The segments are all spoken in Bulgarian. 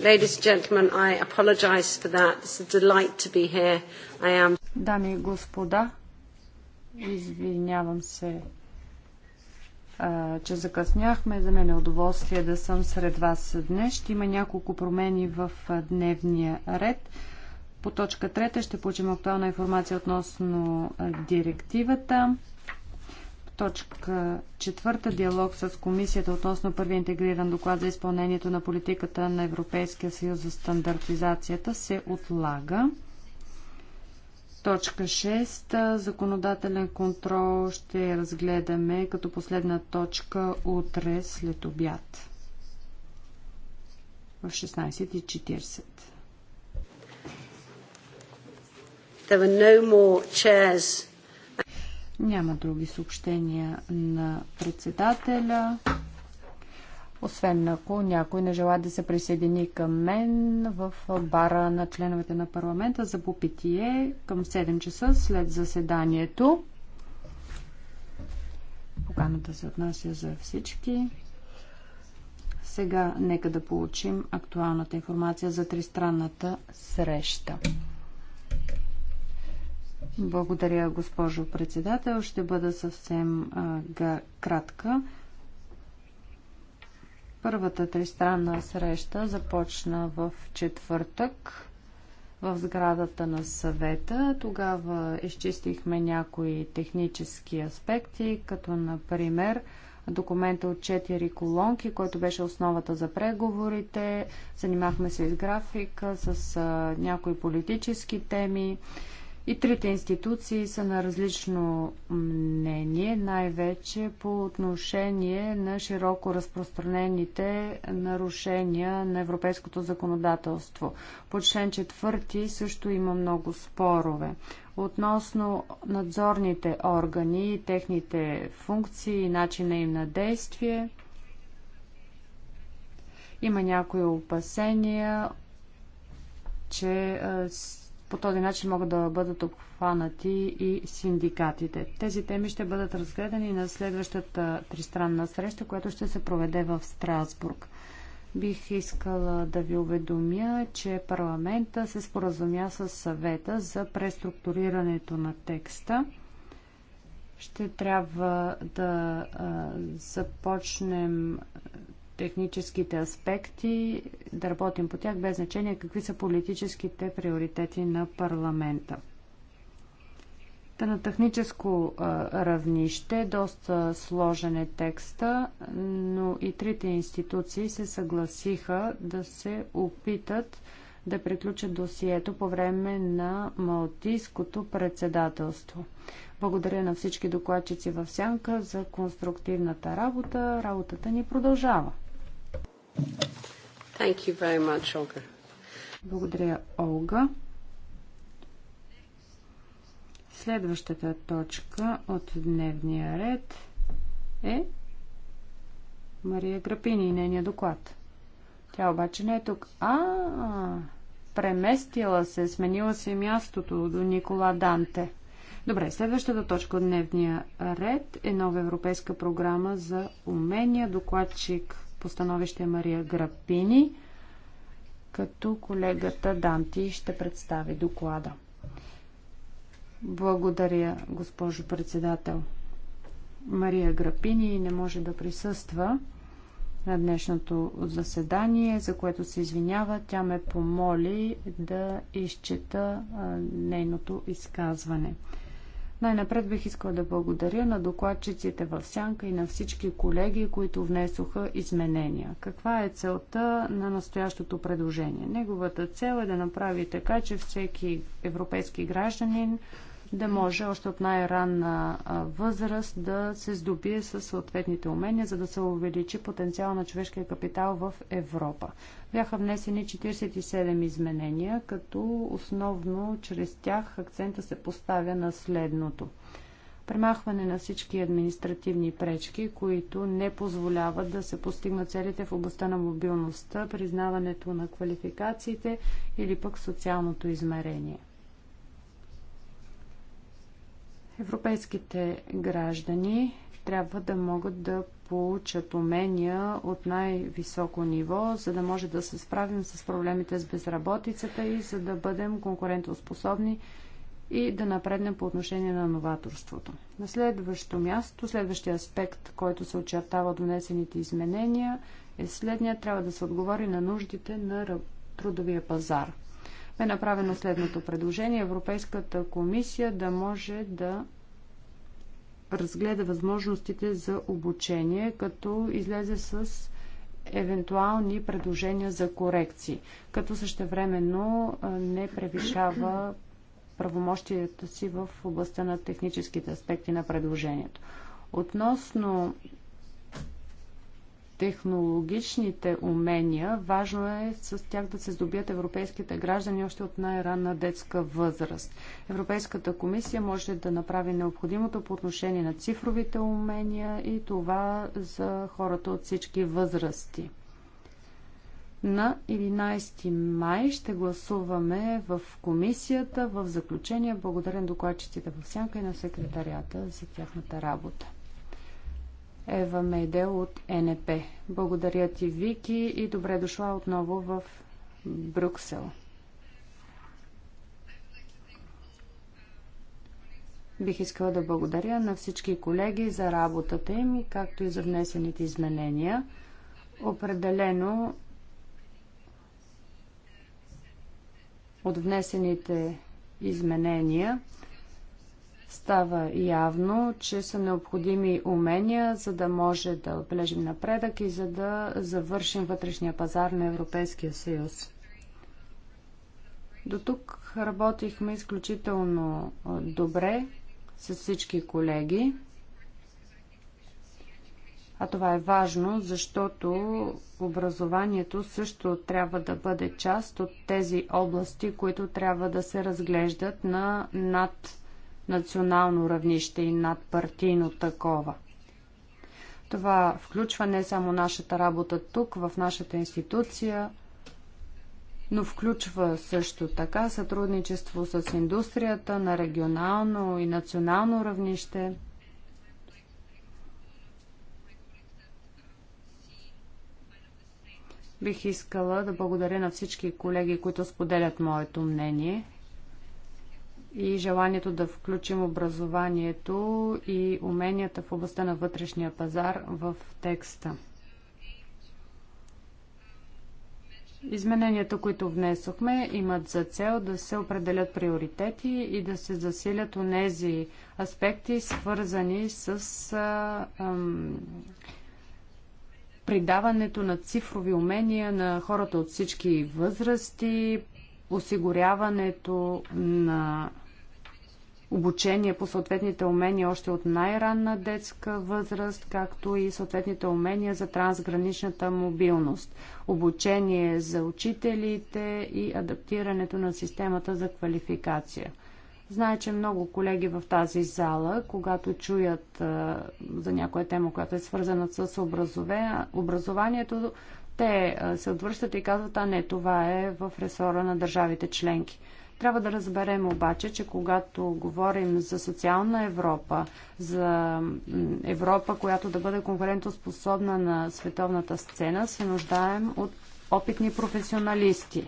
Ladies and gentlemen, I apologize for that. It's a delight to be here. I am... Дами и господа, извинявам се, че закъсняхме. За мен е удоволствие да съм сред вас днес. Ще има няколко промени в дневния ред. По точка трета ще получим актуална информация относно директивата. Точка четвърта диалог с комисията относно първи интегриран доклад за изпълнението на политиката на Европейския съюз за стандартизацията се отлага. Точка 6. Законодателен контрол ще разгледаме като последна точка утре след обяд в 16.40. There were no more chairs няма други съобщения на председателя. Освен ако някой не желая да се присъедини към мен в бара на членовете на парламента за попитие към 7 часа след заседанието. Поканата се отнася за всички. Сега нека да получим актуалната информация за тристранната среща. Благодаря, госпожо председател. Ще бъда съвсем а, кратка. Първата тристранна среща започна в четвъртък в сградата на съвета. Тогава изчистихме някои технически аспекти, като например документа от четири колонки, който беше основата за преговорите. Занимахме се с графика, с а, някои политически теми. И трите институции са на различно мнение, най-вече по отношение на широко разпространените нарушения на европейското законодателство. По член четвърти също има много спорове. Относно надзорните органи, техните функции и начина им на действие, има някои опасения, че по този начин могат да бъдат обхванати и синдикатите. Тези теми ще бъдат разгледани на следващата тристранна среща, която ще се проведе в Страсбург. Бих искала да ви уведомя, че парламента се споразумя с съвета за преструктурирането на текста. Ще трябва да започнем техническите аспекти, да работим по тях, без значение какви са политическите приоритети на парламента. Та на техническо равнище доста сложен е текста, но и трите институции се съгласиха да се опитат да приключат досието по време на Малтийското председателство. Благодаря на всички докладчици в Сянка за конструктивната работа. Работата ни продължава. Thank you very much, Olga. Благодаря, Олга. Следващата точка от дневния ред е Мария Грапини и нейния доклад. Тя обаче не е тук. А, -а преместила се, сменила се мястото до Никола Данте. Добре, следващата точка от дневния ред е нова европейска програма за умения докладчик постановище Мария Грапини, като колегата Данти ще представи доклада. Благодаря, госпожо председател. Мария Грапини не може да присъства на днешното заседание, за което се извинява. Тя ме помоли да изчета нейното изказване. Най-напред бих искала да благодаря на докладчиците в Сянка и на всички колеги, които внесоха изменения. Каква е целта на настоящото предложение? Неговата цел е да направи така, че всеки европейски гражданин да може още от най-ранна възраст да се здобие с съответните умения, за да се увеличи потенциал на човешкия капитал в Европа. Бяха внесени 47 изменения, като основно чрез тях акцента се поставя на следното премахване на всички административни пречки, които не позволяват да се постигнат целите в областта на мобилността, признаването на квалификациите или пък социалното измерение. Европейските граждани трябва да могат да получат умения от най-високо ниво, за да може да се справим с проблемите с безработицата и за да бъдем конкурентоспособни и да напреднем по отношение на новаторството. На следващо място, следващия аспект, който се очертава от внесените изменения, е следния. Трябва да се отговори на нуждите на трудовия пазар – бе направено следното предложение. Европейската комисия да може да разгледа възможностите за обучение, като излезе с евентуални предложения за корекции, като същевременно не превишава правомощията си в областта на техническите аспекти на предложението. Относно технологичните умения, важно е с тях да се здобият европейските граждани още от най-ранна детска възраст. Европейската комисия може да направи необходимото по отношение на цифровите умения и това за хората от всички възрасти. На 11 май ще гласуваме в комисията. В заключение благодарен докладчиците в Сянка и на секретарията за тяхната работа. Ева Мейде от НП. Благодаря ти, Вики, и добре дошла отново в Брюксел. Бих искала да благодаря на всички колеги за работата им, както и за внесените изменения. Определено от внесените изменения става явно, че са необходими умения, за да може да отбележим напредък и за да завършим вътрешния пазар на Европейския съюз. До тук работихме изключително добре с всички колеги. А това е важно, защото образованието също трябва да бъде част от тези области, които трябва да се разглеждат на над национално равнище и надпартийно такова. Това включва не само нашата работа тук, в нашата институция, но включва също така сътрудничество с индустрията на регионално и национално равнище. Бих искала да благодаря на всички колеги, които споделят моето мнение и желанието да включим образованието и уменията в областта на вътрешния пазар в текста. Измененията, които внесохме, имат за цел да се определят приоритети и да се засилят онези аспекти, свързани с а, ам, придаването на цифрови умения на хората от всички възрасти, осигуряването на обучение по съответните умения още от най-ранна детска възраст, както и съответните умения за трансграничната мобилност, обучение за учителите и адаптирането на системата за квалификация. Знае, че много колеги в тази зала, когато чуят а, за някоя тема, която е свързана с образове, образованието, те а, се отвръщат и казват, а не, това е в ресора на държавите членки. Трябва да разберем обаче, че когато говорим за социална Европа, за Европа, която да бъде конкурентоспособна на световната сцена, се нуждаем от опитни професионалисти.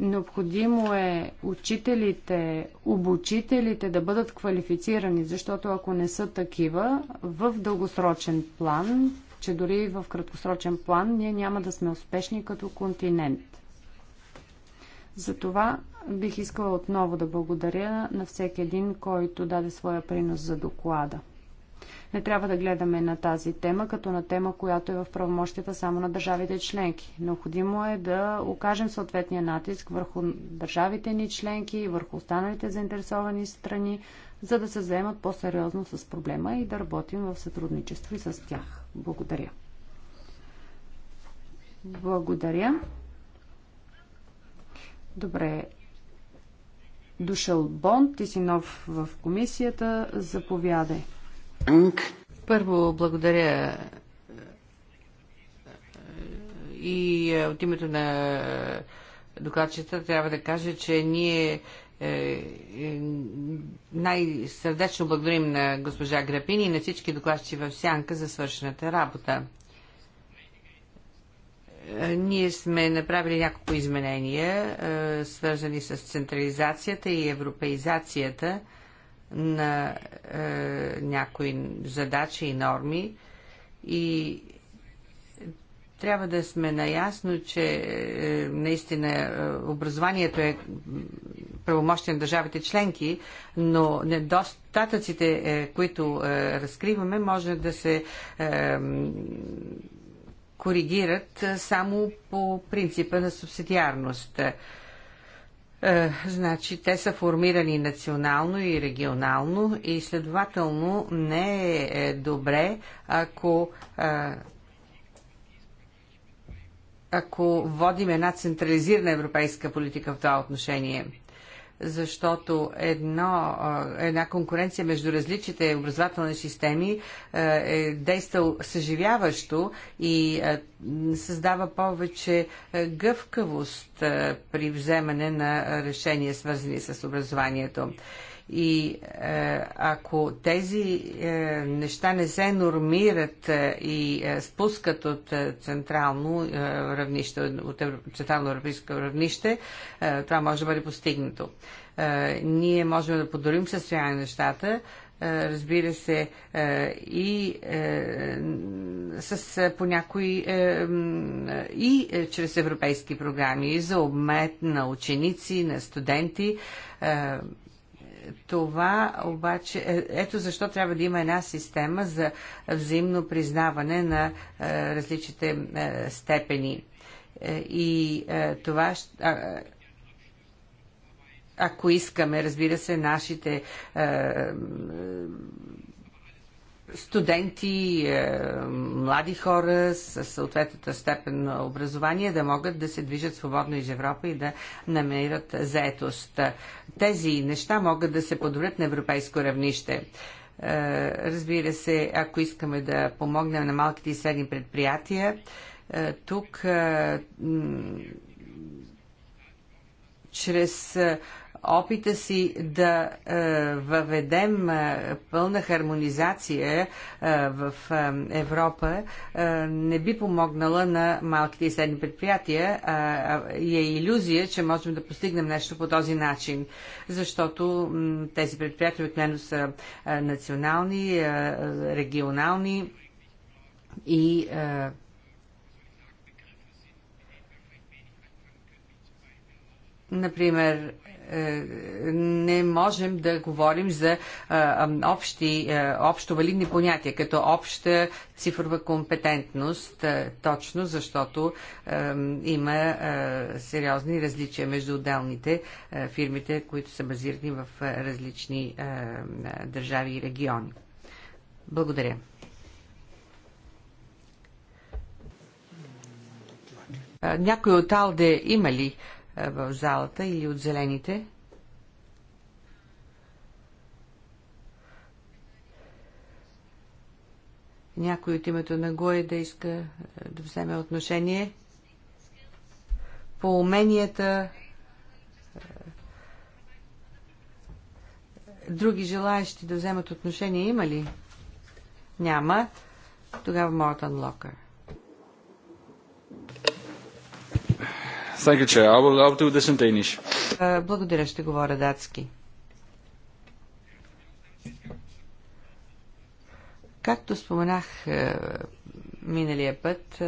Необходимо е учителите, обучителите да бъдат квалифицирани, защото ако не са такива, в дългосрочен план, че дори в краткосрочен план, ние няма да сме успешни като континент. Затова бих искала отново да благодаря на всеки един, който даде своя принос за доклада. Не трябва да гледаме на тази тема като на тема, която е в правомощията само на държавите членки. Необходимо е да окажем съответния натиск върху държавите ни членки и върху останалите заинтересовани страни, за да се заемат по-сериозно с проблема и да работим в сътрудничество и с тях. Благодаря. Благодаря. Добре. Дошъл Бон, ти си нов в комисията. Заповядай. Първо, благодаря е, е, и е, от името на докладчета трябва да кажа, че ние най-сърдечно благодарим на госпожа Грапини и на всички докладчици в Сянка за свършената работа. Е, ние сме направили няколко изменения, е, свързани с централизацията и европеизацията на е, някои задачи и норми. И трябва да сме наясно, че наистина образованието е правомощен на държавите членки, но недостатъците, които разкриваме, може да се коригират само по принципа на субсидиарност. Значи те са формирани национално и регионално и следователно не е добре, ако ако водим една централизирана европейска политика в това отношение – защото едно, една конкуренция между различните образователни системи е действал съживяващо и създава повече гъвкавост при вземане на решения, свързани с образованието. И е, ако тези е, неща не се нормират е, и спускат от централно равнище, от централно европейско равнище, това може да бъде постигнато. Ние можем да подорим състояние на нещата, разбира се, и с по някои и чрез европейски програми и за обмет на ученици, на студенти това обаче, е, ето защо трябва да има една система за взаимно признаване на е, различните е, степени. Е, и е, това, ако искаме, разбира се, нашите студенти, е, млади хора с съответната степен на образование да могат да се движат свободно из Европа и да намерят заетост. Тези неща могат да се подобрят на европейско равнище. Е, разбира се, ако искаме да помогнем на малките и средни предприятия, е, тук чрез опита си да е, въведем е, пълна хармонизация е, в Европа не би помогнала на малките и средни предприятия и е иллюзия, че можем да постигнем нещо по този начин, защото тези предприятия отменно са национални, регионални и е, Например, е, не можем да говорим за е, общи, е, общо валидни понятия, като обща цифрова компетентност, точно защото има сериозни различия между отделните фирмите, които са базирани в различни държави и региони. Благодаря. Някой от Алде има ли е, в залата или от зелените? Някой от името на Гой да иска е, да вземе отношение по уменията. Е, други желаящи да вземат отношение има ли? Няма. Тогава Мортън Локър. Благодаря, ще говоря датски. Както споменах е, миналия път,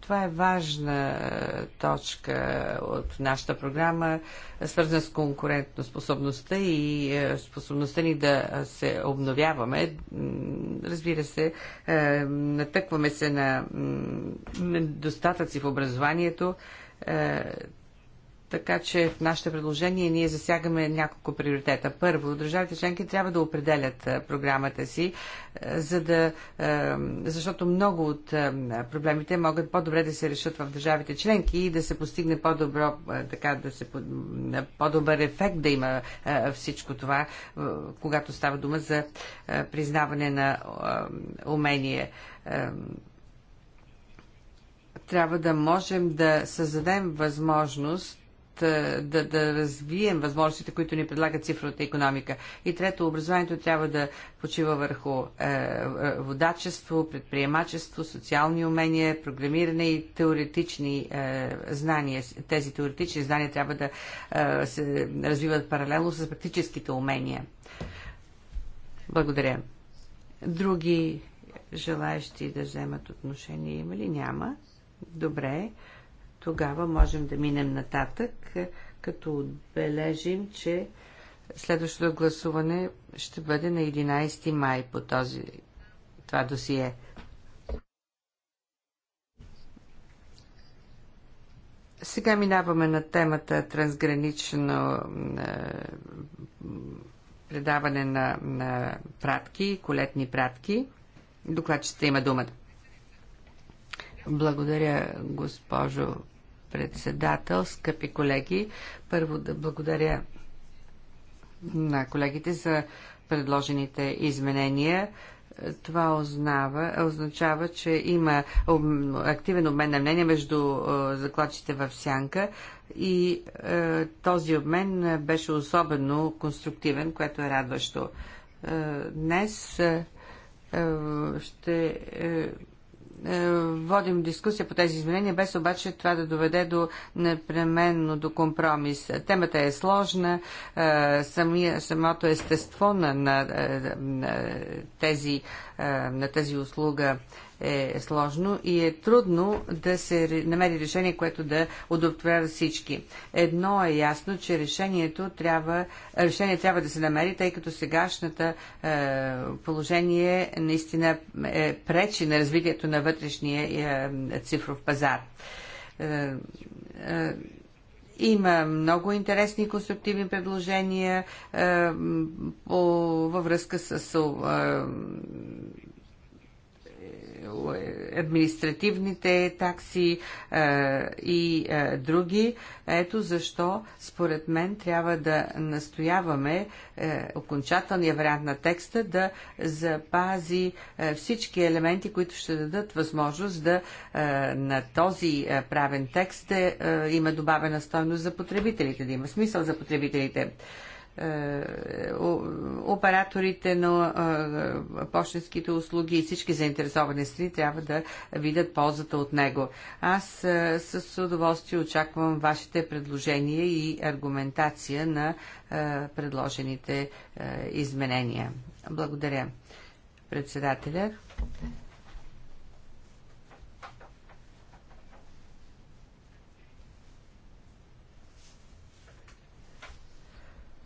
това е важна е, точка от нашата програма, свързана с способността и е, способността ни да се обновяваме. Разбира се, е, натъкваме се на недостатъци в образованието. Така че в нашите предложения ние засягаме няколко приоритета. Първо, държавите членки трябва да определят е, програмата си, е, за да, е, защото много от проблемите могат по-добре да се решат в държавите членки и да се постигне по-добро, така да се по-добър ефект да има всичко това, когато става дума за признаване на умение трябва да можем да създадем възможност е, да, да развием възможностите, които ни предлага цифровата економика. И трето, образованието трябва да почива върху е, е, водачество, предприемачество, социални умения, програмиране и теоретични е, знания. Тези теоретични знания трябва да е, се развиват паралелно с практическите умения. Благодаря. Други желаящи да вземат отношение има ли? Няма. Добре тогава можем да минем нататък, като отбележим, че следващото гласуване ще бъде на 11 май по този, това досие. Сега минаваме на темата трансгранично е, предаване на, на пратки, колетни пратки. Докладчета има думата. Благодаря, госпожо председател, скъпи колеги. Първо да благодаря на колегите за предложените изменения. Това ознава, означава, че има активен обмен на мнение между е, закладчите в Сянка и е, този обмен беше особено конструктивен, което е радващо. Е, днес ще е, водим дискусия по тези изменения, без обаче това да доведе до непременно до компромис. Темата е сложна, е, самия, самото естество на, на, на тези на тази услуга е сложно и е трудно да се намери решение, което да удовлетворява всички. Едно е ясно, че решението трябва, решение трябва да се намери, тъй като сегашната е, положение наистина е пречи на развитието на вътрешния е, цифров пазар. Е, е, има много интересни конструктивни предложения е, по, във връзка с е, е, административните такси е, и е, други. Ето защо, според мен, трябва да настояваме окончателния вариант на текста да запази всички елементи, които ще дадат възможност да на този правен текст има добавена стойност за потребителите, да има смисъл за потребителите. Е, операторите на е, почтенските услуги и всички заинтересовани страни трябва да видят ползата от него. Аз е, с удоволствие очаквам вашите предложения и аргументация на предложените изменения. Благодаря, председателя.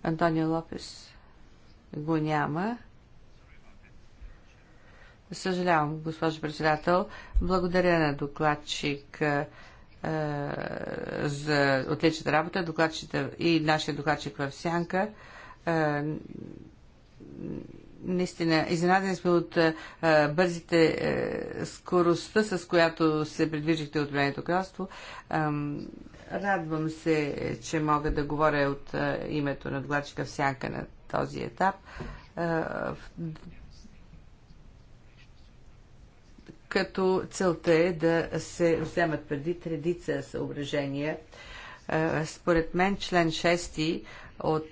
Антонио Лопес го няма. Съжалявам, госпожо председател. Благодаря на докладчик е, за отличната работа докладчите, и нашия докладчик в Сянка. Е, наистина изненадени сме от е, бързите е, скоростта, с която се придвижихте от Времето кралство. Е, Радвам се, че мога да говоря от името на Глачка в сянка на този етап. Като целта е да се вземат преди редица съображения. Според мен член 6 от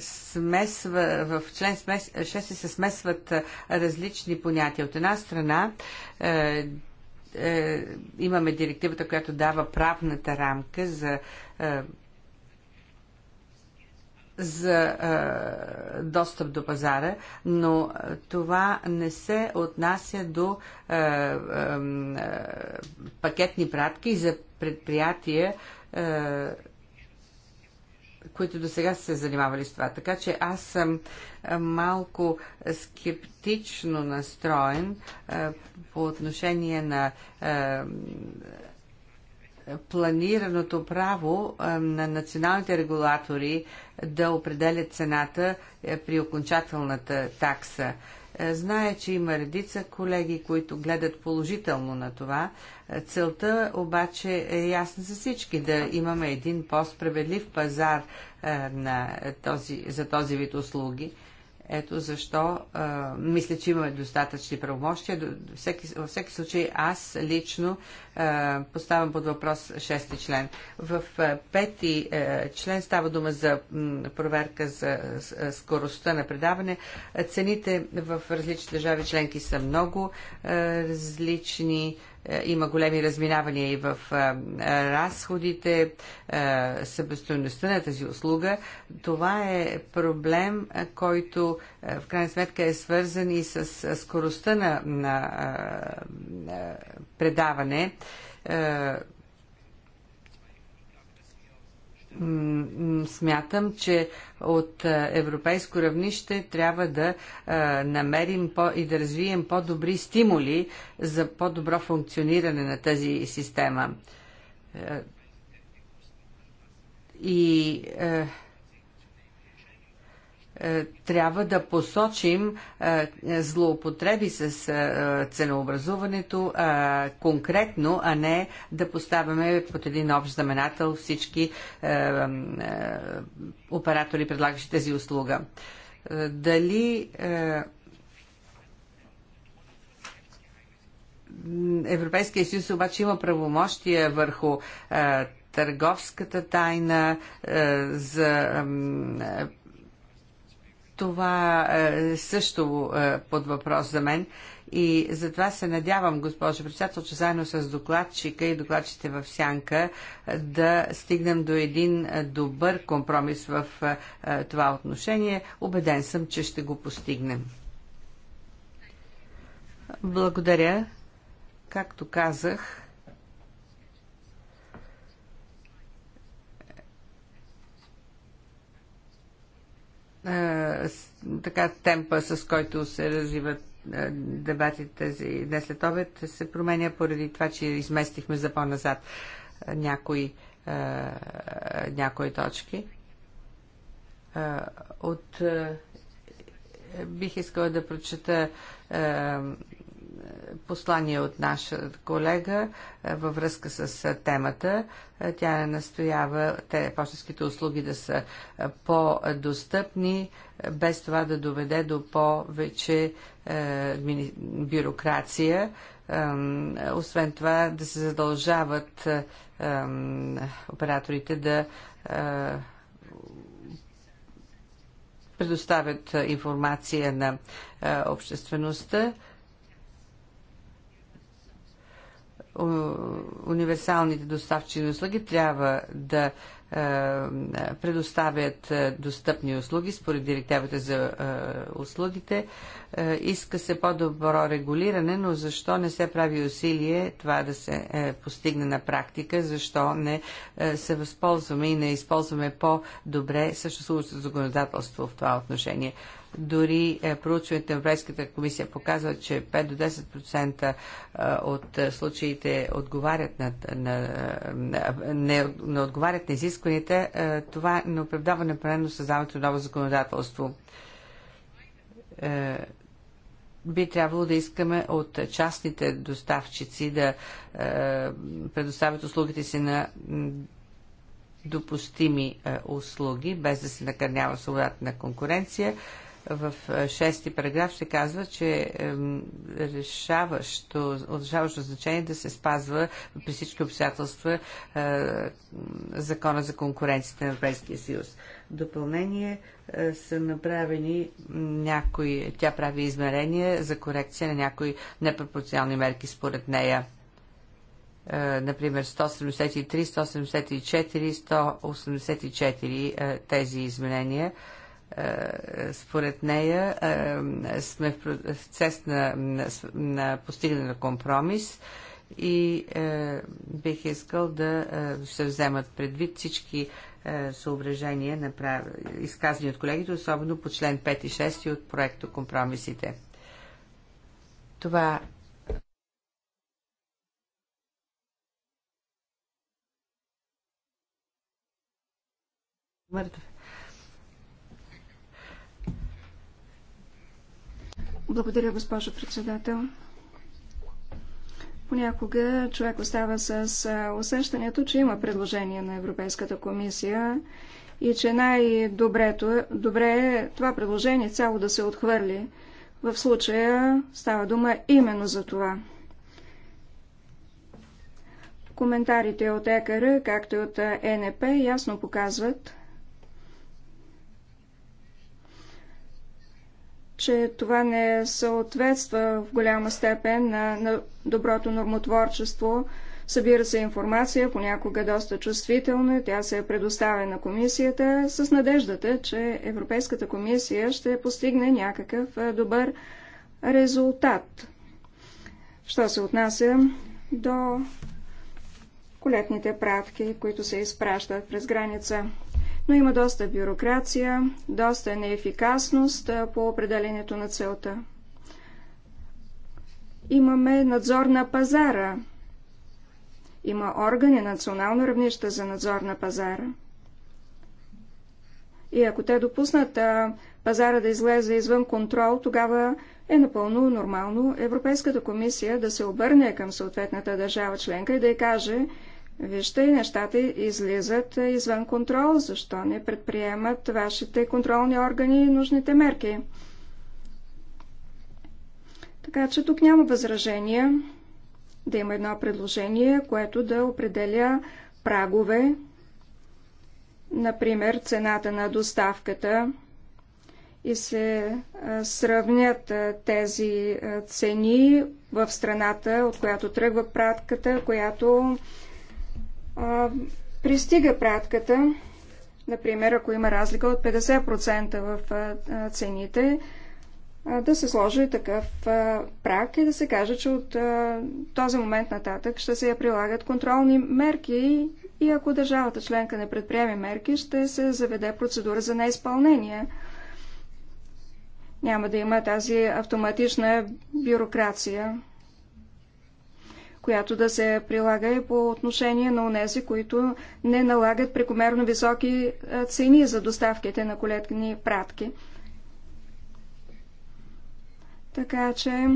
смесва, в член 6 се смесват различни понятия. От една страна е, имаме директивата, която дава правната рамка за е, за е, достъп до пазара, но е, това не се отнася до е, е, е пакетни пратки за предприятия, е, които до сега са се занимавали с това. Така че аз съм малко скептично настроен по отношение на планираното право на националните регулатори да определят цената при окончателната такса. Е, Зная, че има редица колеги, които гледат положително на това. Е, целта обаче е ясна за всички да имаме един по-справедлив пазар е, на този, за този вид услуги ето защо а, мисля, че имаме достатъчни правомощия. До, всеки, във всеки случай аз лично а, поставям под въпрос шести член. В а, пети а, член става дума за м, проверка за а, скоростта на предаване. Цените в различни държави членки са много а, различни. А, е, има големи разминавания и в е, е, разходите, събестоеността на тази услуга. Това е проблем, който в крайна сметка е свързан и с скоростта на, на, на предаване смятам, че от европейско равнище трябва да намерим и да развием по-добри стимули за по-добро функциониране на тази система. И е, трябва да посочим е, злоупотреби с е, ценообразуването конкретно, а не да поставяме под един общ знаменател всички оператори, предлагащи тази услуга. Дали Европейския съюз обаче има правомощия върху търговската тайна за това е също е, под въпрос за мен. И затова се надявам, госпожо председател, че заедно с докладчика и докладчите в Сянка е, да стигнем до един е, добър компромис в е, това отношение. Обеден съм, че ще го постигнем. Благодаря. Както казах, така темпа, с който се развиват дебатите за днес след обед, се променя поради това, че изместихме за по-назад някои, някои точки. От бих искала да прочета послание от наша колега е, във връзка с е, темата. Е, тя не настоява те, почтенските услуги да са по-достъпни, без това да доведе до повече бюрокрация. освен това да се задължават операторите да предоставят информация на обществеността. универсалните на услуги трябва да е, предоставят е, достъпни услуги според директивата за е, услугите. Иска се по-добро регулиране, но защо не се прави усилие това да се постигне на практика? Защо не се възползваме и не използваме по-добре съществуващото законодателство в това отношение? Дори е, проучването на Европейската комисия показва, че 5 до 10% е, от е, случаите отговарят на, на, на, е, не, не отговарят на изискванията. Това не оправдава непременно създаването на ново законодателство би трябвало да искаме от частните доставчици да предоставят услугите си на допустими услуги, без да се накърнява свободата на конкуренция в е, шести параграф се казва, че решаващо, от решаващо значение да се спазва при всички обстоятелства е, закона за конкуренцията на Европейския съюз. Допълнение е, са направени някои, тя прави измерения за корекция на някои непропорционални мерки според нея например 173, 174, 184 тези изменения е, според нея е, сме в процес на, на, на постигане на компромис и е, бих искал да е, се вземат предвид всички е, съображения, направ... изказани от колегите, особено по член 5 и 6 от проекта Компромисите. Това Мъртв Благодаря, госпожо председател. Понякога човек остава с усещането, че има предложение на Европейската комисия и че най добре е това предложение цяло да се отхвърли. В случая става дума именно за това. Коментарите от ЕКР, както и от ЕНП, ясно показват, че това не съответства в голяма степен на, на доброто нормотворчество. Събира се информация, понякога доста чувствителна, тя се е предоставя на комисията с надеждата, че Европейската комисия ще постигне някакъв добър резултат. Що се отнася до колетните пратки, които се изпращат през граница но има доста бюрокрация, доста неефикасност по определението на целта. Имаме надзор на пазара. Има органи национално равнище за надзор на пазара. И ако те допуснат пазара да излезе извън контрол, тогава е напълно нормално Европейската комисия да се обърне към съответната държава членка и да й каже, Вижте, нещата излизат извън контрол. Защо не предприемат вашите контролни органи и нужните мерки? Така че тук няма възражения да има едно предложение, което да определя прагове, например цената на доставката и се сравнят тези цени в страната, от която тръгва пратката, която а, пристига пратката, например, ако има разлика от 50% в а, цените, а, да се сложи такъв а, прак и да се каже, че от а, този момент нататък ще се я прилагат контролни мерки и ако държавата членка не предприеме мерки, ще се заведе процедура за неизпълнение. Няма да има тази автоматична бюрокрация която да се прилага и по отношение на онези, които не налагат прекомерно високи е, цени за доставките на колетни пратки. Така че,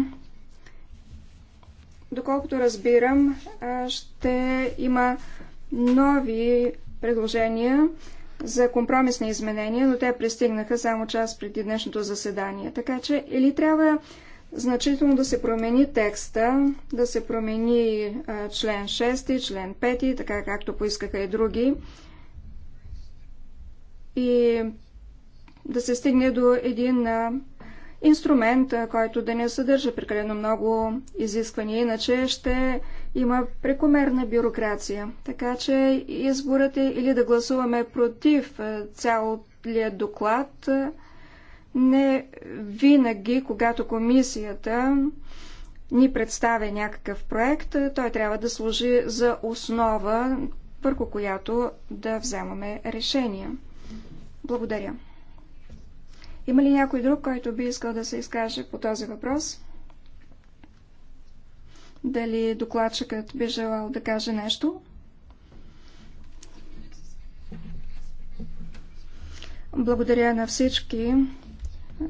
доколкото разбирам, е, ще има нови предложения за компромисни изменения, но те пристигнаха само час преди днешното заседание. Така че или трябва значително да се промени текста, да се промени член 6, член 5, така както поискаха и други, и да се стигне до един инструмент, който да не съдържа прекалено много изисквания, иначе ще има прекомерна бюрокрация. Така че изборът е или да гласуваме против цялия доклад, не винаги, когато комисията ни представя някакъв проект, той трябва да служи за основа, върху която да вземаме решения. Благодаря. Има ли някой друг, който би искал да се изкаже по този въпрос? Дали докладчикът би желал да каже нещо? Благодаря на всички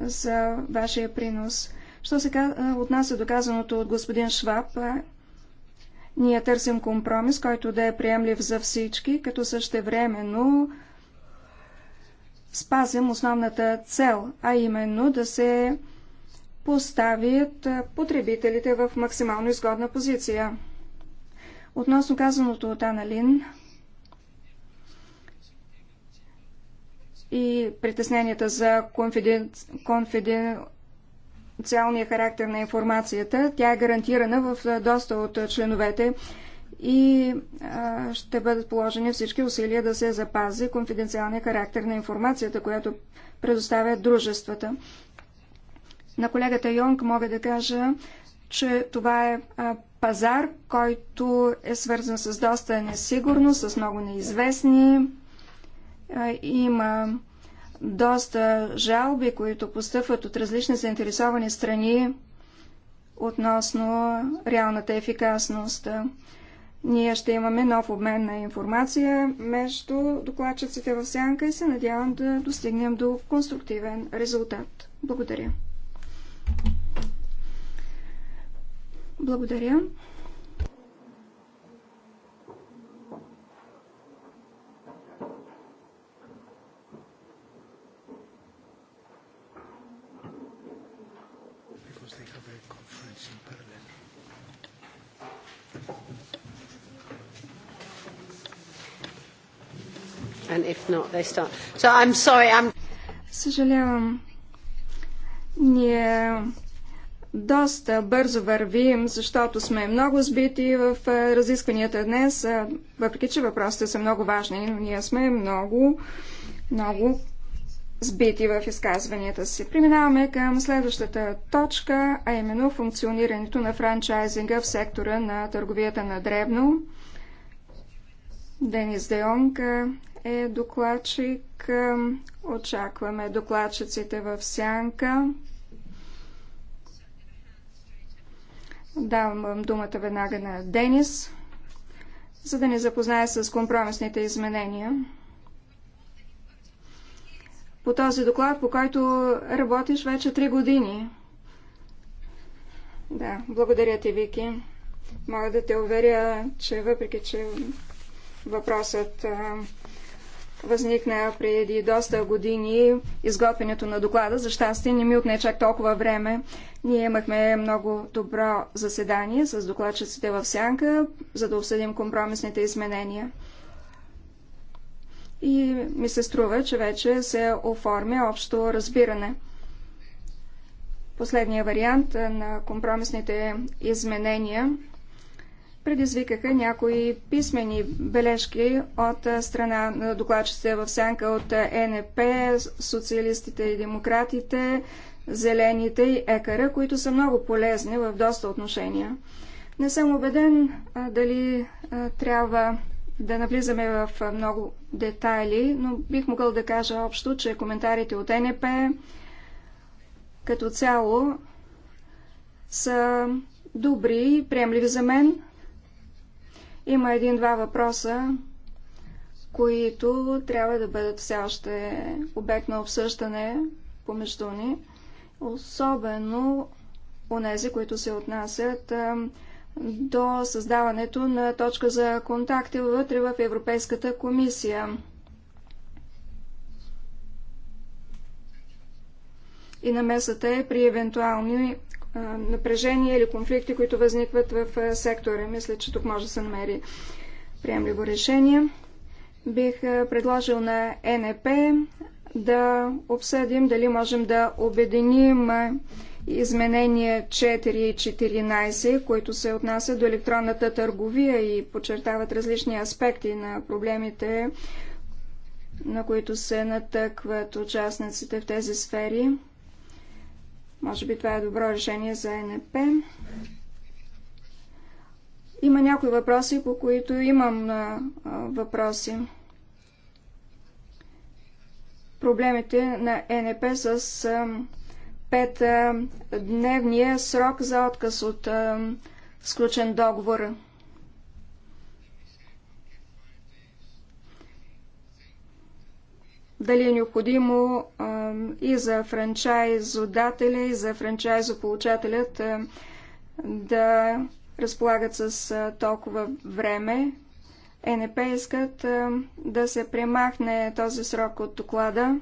за вашия принос. Що се е, отнася до казаното от господин Шваб, ние търсим компромис, който да е приемлив за всички, като същевременно спазим основната цел, а именно да се поставят потребителите в максимално изгодна позиция. Относно казаното от Аналин, и притесненията за конфиденциалния характер на информацията. Тя е гарантирана в доста от членовете и ще бъдат положени всички усилия да се запази конфиденциалния характер на информацията, която предоставят дружествата. На колегата Йонг мога да кажа, че това е пазар, който е свързан с доста несигурност, с много неизвестни има доста жалби, които постъпват от различни заинтересовани страни относно реалната ефикасност. Ние ще имаме нов обмен на информация между докладчиците в сянка и се надявам да достигнем до конструктивен резултат. Благодаря. Благодаря. if not, they start. So I'm sorry, I'm... Съжалявам. Ние доста бързо вървим, защото сме много сбити в разискванията днес, въпреки че въпросите са много важни, но ние сме много, много сбити в изказванията си. Преминаваме към следващата точка, а именно функционирането на франчайзинга в сектора на търговията на дребно. Денис Деонг е докладчик. Очакваме докладчиците в сянка. Давам думата веднага на Денис, за да ни запознае с компромисните изменения. По този доклад, по който работиш вече три години. Да, благодаря ти, Вики. Мога да те уверя, че въпреки, че Въпросът възникна преди доста години изготвянето на доклада. За щастие не ми отне чак толкова време. Ние имахме много добро заседание с докладчиците в сянка, за да обсъдим компромисните изменения. И ми се струва, че вече се оформя общо разбиране. Последният вариант на компромисните изменения – предизвикаха някои писмени бележки от страна на докладчите в сянка от НП, социалистите и демократите, зелените и екара, които са много полезни в доста отношения. Не съм убеден дали трябва да навлизаме в много детайли, но бих могъл да кажа общо, че коментарите от НП като цяло са добри и приемливи за мен. Има един-два въпроса, които трябва да бъдат все още обект на обсъждане помежду ни, особено нези, които се отнасят до създаването на точка за контакти вътре в Европейската комисия. И намесата е при евентуални напрежения или конфликти, които възникват в сектора. Мисля, че тук може да се намери приемливо решение. Бих предложил на НП да обсъдим дали можем да обединим изменения 4 и 14, които се отнасят до електронната търговия и подчертават различни аспекти на проблемите, на които се натъкват участниците в тези сфери. Може би това е добро решение за НП. Има някои въпроси, по които имам а, въпроси. Проблемите на НП с а, дневния срок за отказ от а, сключен договор. дали е необходимо и за франчайзодателя, и за франчайзополучателят да разполагат с толкова време. ЕНП искат да се премахне този срок от доклада.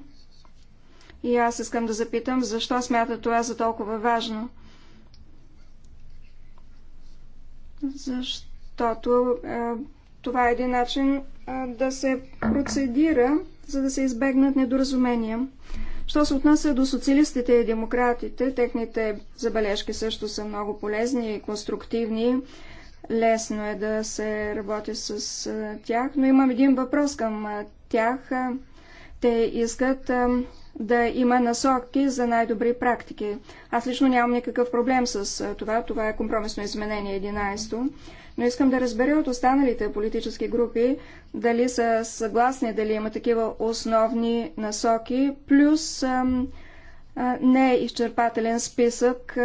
И аз искам да запитам, защо смята това за толкова важно? Защото това е един начин да се процедира за да се избегнат недоразумения. Що се отнася до социалистите и демократите, техните забележки също са много полезни и конструктивни. Лесно е да се работи с тях, но имам един въпрос към тях. Те искат да има насоки за най-добри практики. Аз лично нямам никакъв проблем с това. Това е компромисно изменение 11 но искам да разбера от останалите политически групи дали са съгласни, дали има такива основни насоки, плюс не е изчерпателен списък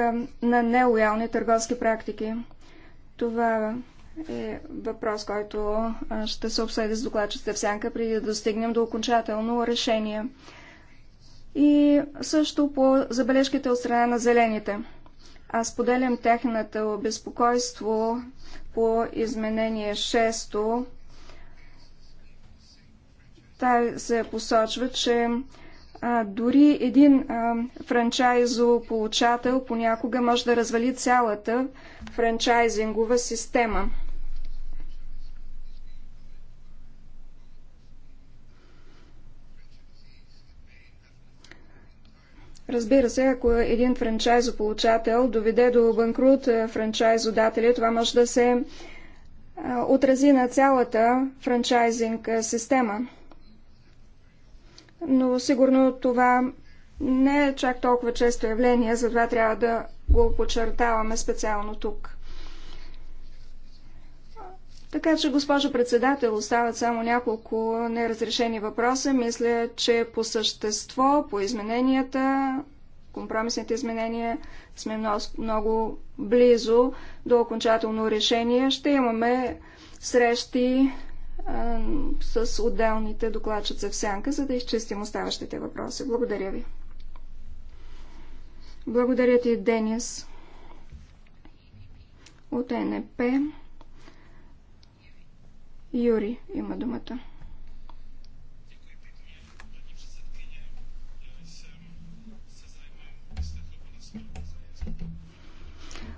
на нелоялни търговски практики. Това е въпрос, който ще се обсъди с докладчицата в сянка, преди да достигнем до окончателно решение. И също по забележките от страна на зелените. Аз поделям техната обезпокойство по изменение 6 Та се посочва, че а, дори един а, франчайзополучател понякога може да развали цялата франчайзингова система. Разбира се, ако един франчайзополучател доведе до банкрут е, франчайзодателя, това може да се е, отрази на цялата франчайзинг е, система. Но сигурно това не е чак толкова често явление, затова трябва да го подчертаваме специално тук. Така че, госпожо председател, остават само няколко неразрешени въпроса. Мисля, че по същество, по измененията, компромисните изменения, сме много, близо до окончателно решение. Ще имаме срещи а, с отделните докладчици в сянка, за да изчистим оставащите въпроси. Благодаря ви. Благодаря ти, Денис, от НП. Юри има думата.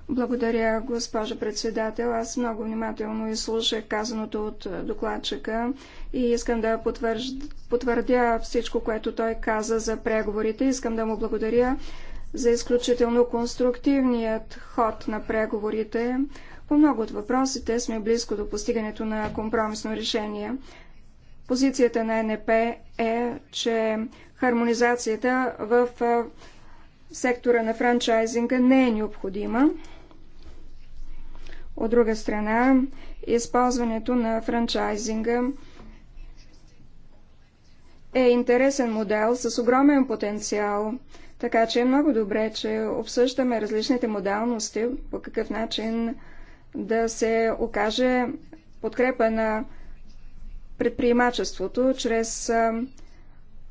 Благодаря, госпожа председател. Аз много внимателно изслушах казаното от докладчика и искам да потвърдя всичко, което той каза за преговорите. Искам да му благодаря за изключително конструктивният ход на преговорите. По много от въпросите сме близко до постигането на компромисно решение. Позицията на НП е, че хармонизацията в сектора на франчайзинга не е необходима. От друга страна, използването на франчайзинга е интересен модел с огромен потенциал, така че е много добре, че обсъждаме различните модалности, по какъв начин да се окаже подкрепа на предприемачеството чрез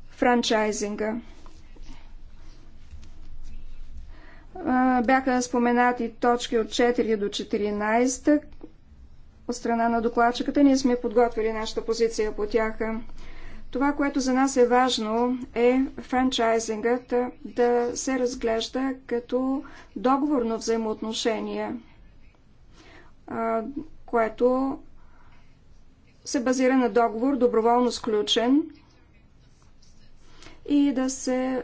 франчайзинга. Бяха споменати точки от 4 до 14 от страна на докладчиката. Ние сме подготвили нашата позиция по тях. Това, което за нас е важно, е франчайзингът да се разглежда като договорно взаимоотношение – което се базира на договор, доброволно сключен и да се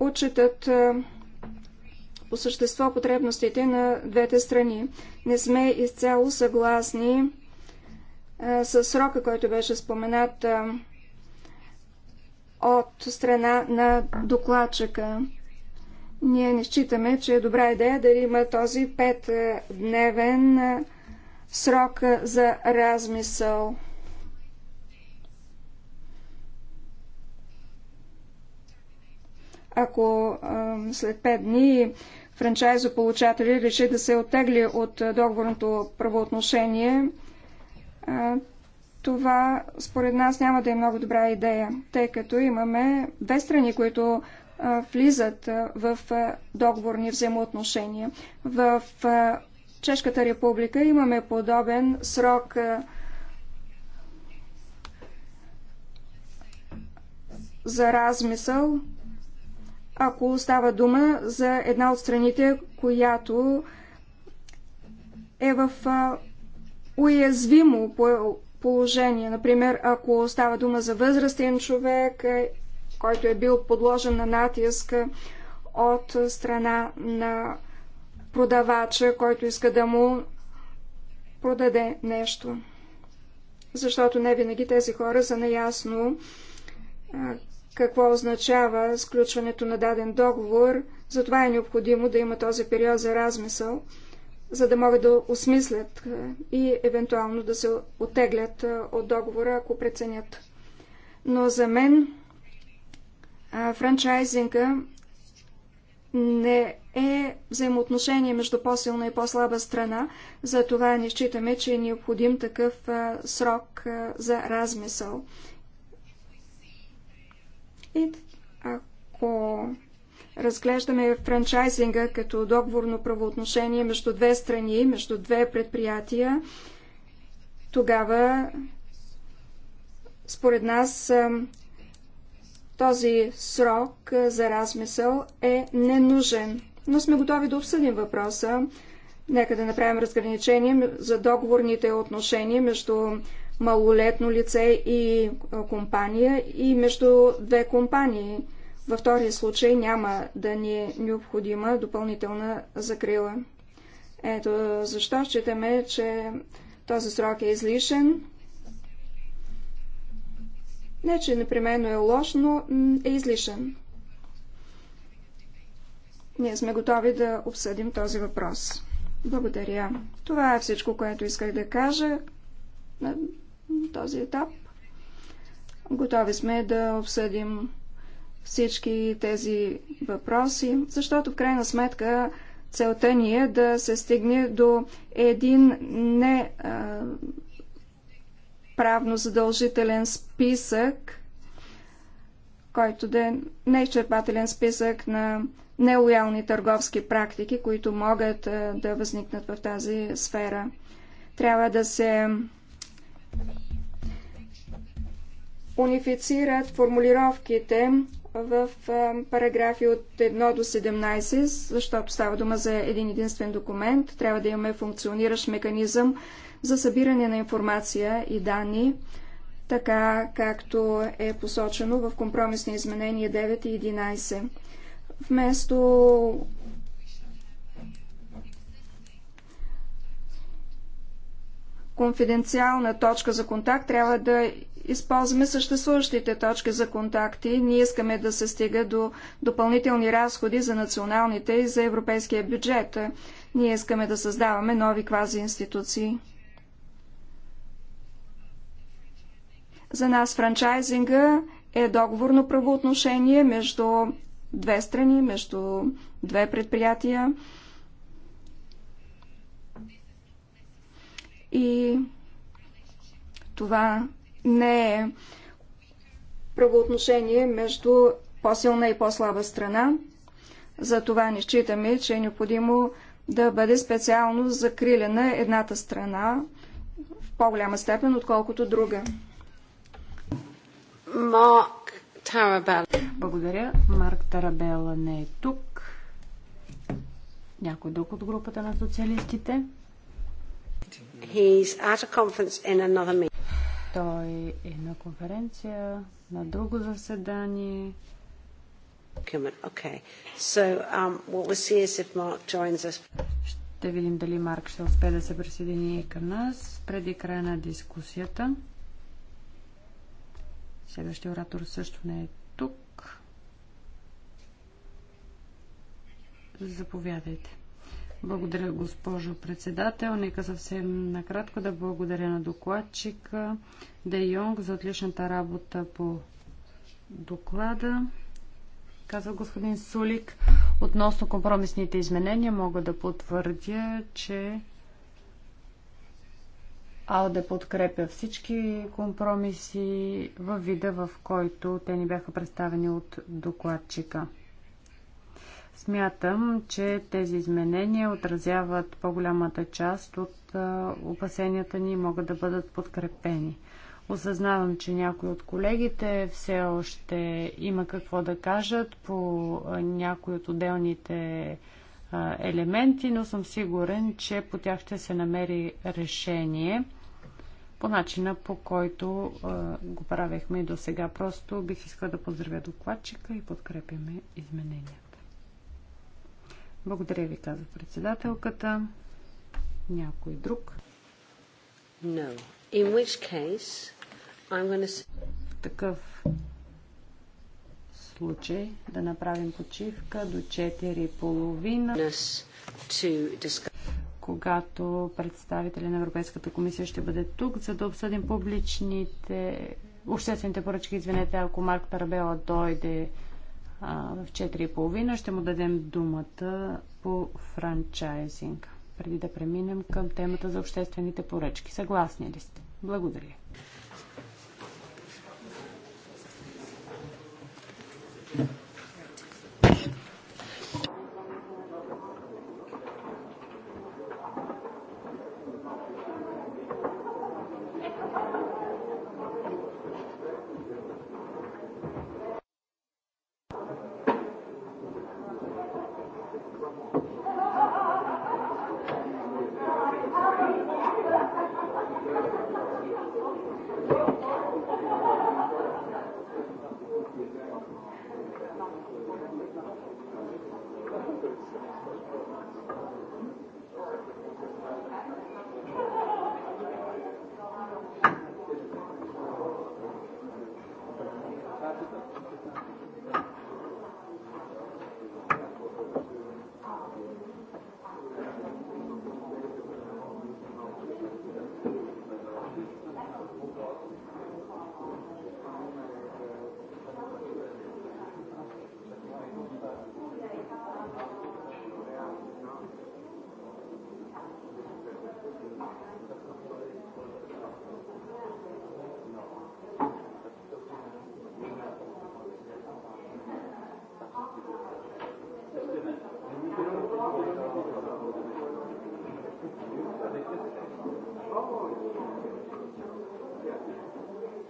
отчитат по същество потребностите на двете страни. Не сме изцяло съгласни с срока, който беше споменат от страна на докладчика. Ние не считаме, че е добра идея да има този петдневен срок за размисъл. Ако след 5 дни франчайзополучатели реши да се оттегли от договорното правоотношение, това според нас няма да е много добра идея, тъй като имаме две страни, които влизат в договорни взаимоотношения. В Чешката република имаме подобен срок за размисъл, ако става дума за една от страните, която е в уязвимо положение. Например, ако става дума за възрастен човек който е бил подложен на натиск от страна на продавача, който иска да му продаде нещо. Защото не винаги тези хора са наясно какво означава сключването на даден договор. Затова е необходимо да има този период за размисъл, за да могат да осмислят и евентуално да се отеглят от договора, ако преценят. Но за мен франчайзинга не е взаимоотношение между по-силна и по-слаба страна, затова не считаме, че е необходим такъв срок за размисъл. И ако разглеждаме франчайзинга като договорно правоотношение между две страни, между две предприятия, тогава според нас този срок за размисъл е ненужен, но сме готови да обсъдим въпроса. Нека да направим разграничение за договорните отношения между малолетно лице и компания и между две компании. Във втория случай няма да ни е необходима допълнителна закрила. Ето защо считаме, че този срок е излишен. Не, че непременно е лош, но е излишен. Ние сме готови да обсъдим този въпрос. Благодаря. Това е всичко, което исках да кажа на този етап. Готови сме да обсъдим всички тези въпроси, защото в крайна сметка целта ни е да се стигне до един не правно задължителен списък, който да е неизчерпателен списък на нелоялни търговски практики, които могат да възникнат в тази сфера. Трябва да се унифицират формулировките в параграфи от 1 до 17, защото става дума за един единствен документ. Трябва да имаме функциониращ механизъм за събиране на информация и данни, така както е посочено в компромисни изменения 9 и 11. Вместо конфиденциална точка за контакт, трябва да използваме съществуващите точки за контакти. Ние искаме да се стига до допълнителни разходи за националните и за европейския бюджет. Ние искаме да създаваме нови квази институции. За нас франчайзинга е договорно правоотношение между две страни, между две предприятия. И това не е правоотношение между по-силна и по-слаба страна. За това не считаме, че е необходимо да бъде специално закрилена едната страна в по-голяма степен, отколкото друга. Марк Тарабела. Благодаря. Марк Тарабела не е тук. Някой друг от групата на социалистите? He's at a conference in another meeting. Той е на конференция, на друго заседание. Okay. So, um, what we'll see is if Mark joins us. Ще видим дали Марк ще успее да се присъедини към нас преди края на дискусията. Следващия оратор също не е тук. Заповядайте. Благодаря, госпожо председател. Нека съвсем накратко да благодаря на докладчика Де Йонг за отличната работа по доклада. Казва господин Сулик, относно компромисните изменения мога да потвърдя, че Алде подкрепя всички компромиси във вида, в който те ни бяха представени от докладчика. Смятам, че тези изменения отразяват по-голямата част от опасенията ни и могат да бъдат подкрепени. Осъзнавам, че някои от колегите все още има какво да кажат по някои от отделните елементи, но съм сигурен, че по тях ще се намери решение по начина по който го правехме до сега. Просто бих искала да поздравя докладчика и подкрепяме измененията. Благодаря ви, каза председателката. Някой друг? No. In which case, I'm gonna... В такъв случай да направим почивка до 4.30 когато представителя на Европейската комисия ще бъде тук, за да обсъдим публичните, обществените поръчки, извинете, ако Марк Тарабела дойде а, в 4.30, ще му дадем думата по франчайзинг, преди да преминем към темата за обществените поръчки. Съгласни ли сте? Благодаря. Thank you.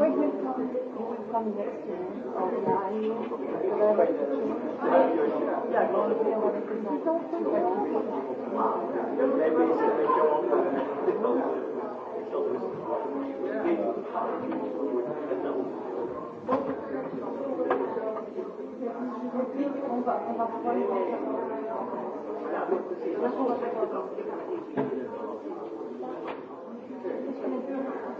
Wait, you come, you come next to me, or behind you, wherever you On va, on va pouvoir les Voilà, c'est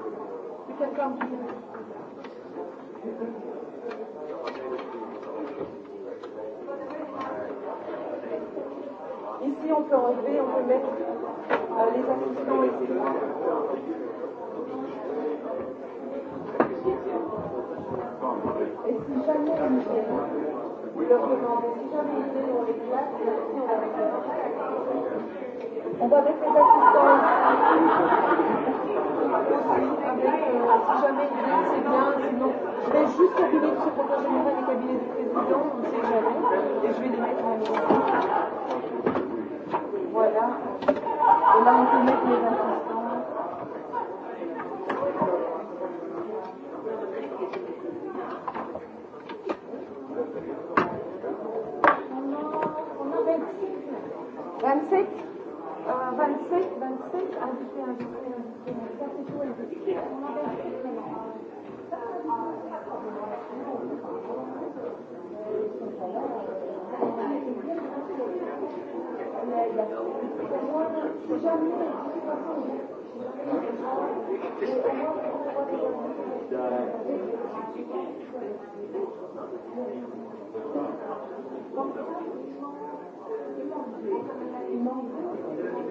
Ici, on peut enlever, on peut mettre euh, les assistants ici. Et si jamais ils viennent, leur demander, si jamais ils viennent, dans les classes, classe et si on leur On va mettre les assistants. Avec, si jamais il vient, c'est bien. Sinon, je vais juste terminer de ce secrétaire général et cabinet du président, on ne sait jamais. Et je vais les mettre en ligne. Voilà. Et là, on peut mettre les assistants. One sec. 27, 27 ajouter un Ça, c'est tout. On en reste C'est jamais, de toute façon,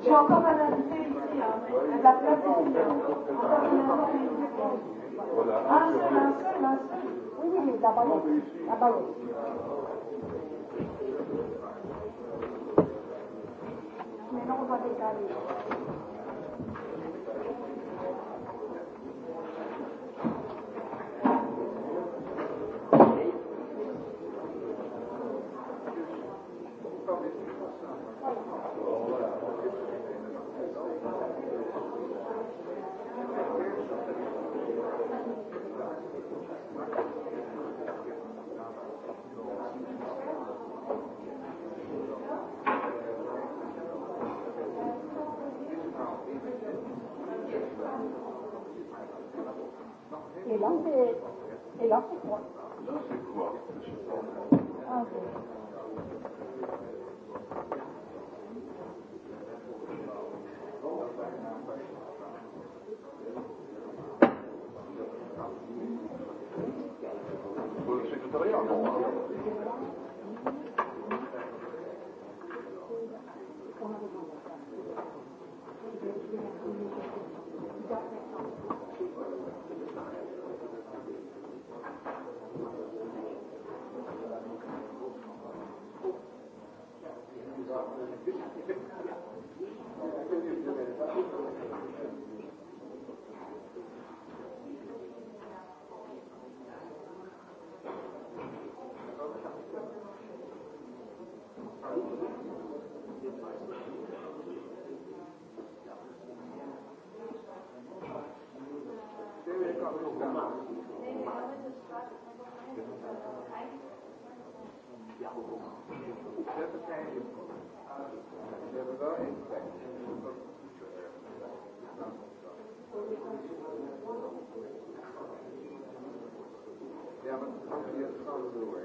C'è ancora la differenza, la platina, Ah, sì, ma sì, ma sì. Quindi la ballotta, la ballotta. Meno va a they often want Yeah, but it's not the way.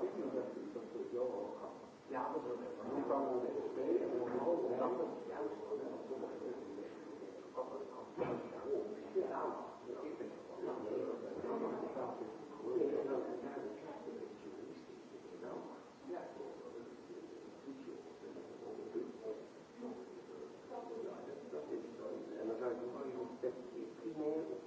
fick ju den tiden så jag jag hade så Thank you.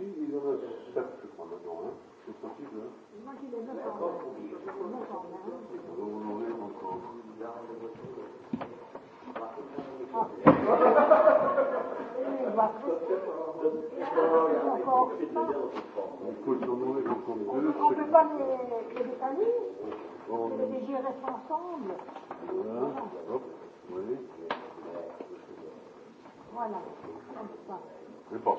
Il y de la... Ça, je prends le temps, hein. on peut s'en enlever encore deux. On ne peut pas les, détailler. On peut les gérer ensemble. Voilà. Hop. Oui. Voilà. Comme ça. Je pense.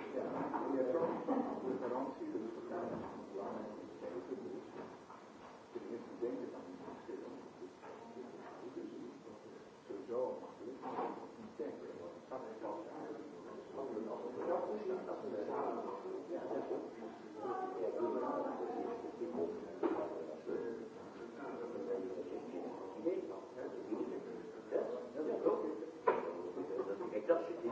Kijk, dat zit in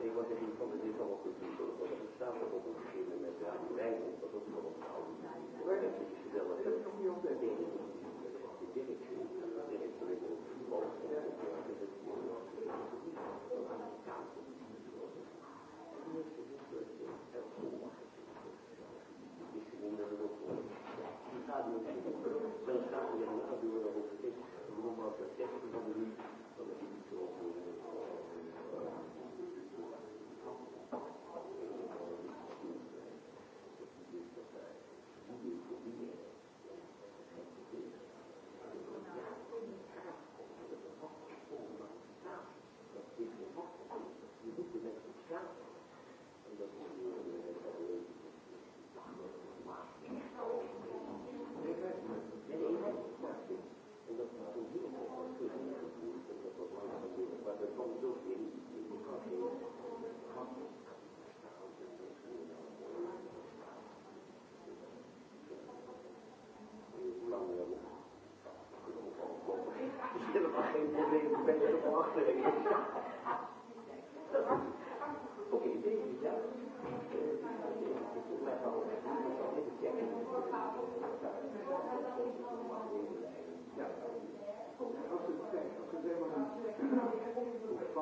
dei quadrini come dei sono così, sono come il stato, come il cinema, per anni, vengono, sono solo pauli. Quello che ci dava sempre più un bene, e viene ci deve essere un po' di tempo,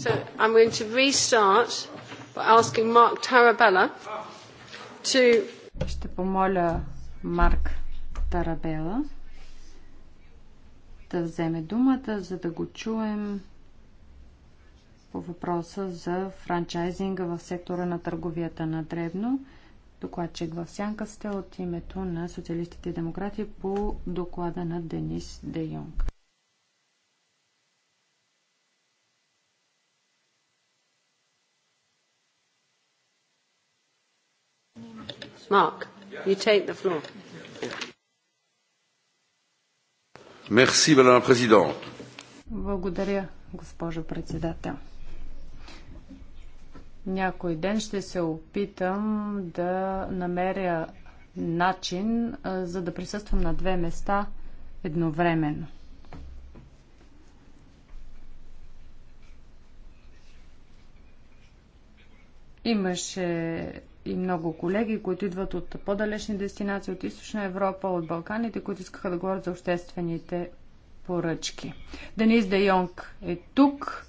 So I'm going to restart by asking Mark Tarabella to... Ще помоля Марк Тарабела да вземе думата, за да го чуем по въпроса за франчайзинга в сектора на търговията на Дребно. Докладчик в сянка сте от името на социалистите и демократи по доклада на Денис Де Йонг. Mark, you take the floor. Merci, madame Благодаря, госпожо председател. Някой ден ще се опитам да намеря начин, за да присъствам на две места едновременно. Имаше и много колеги, които идват от по-далечни дестинации, от Източна Европа, от Балканите, които искаха да говорят за обществените поръчки. Денис Де Йонг е тук.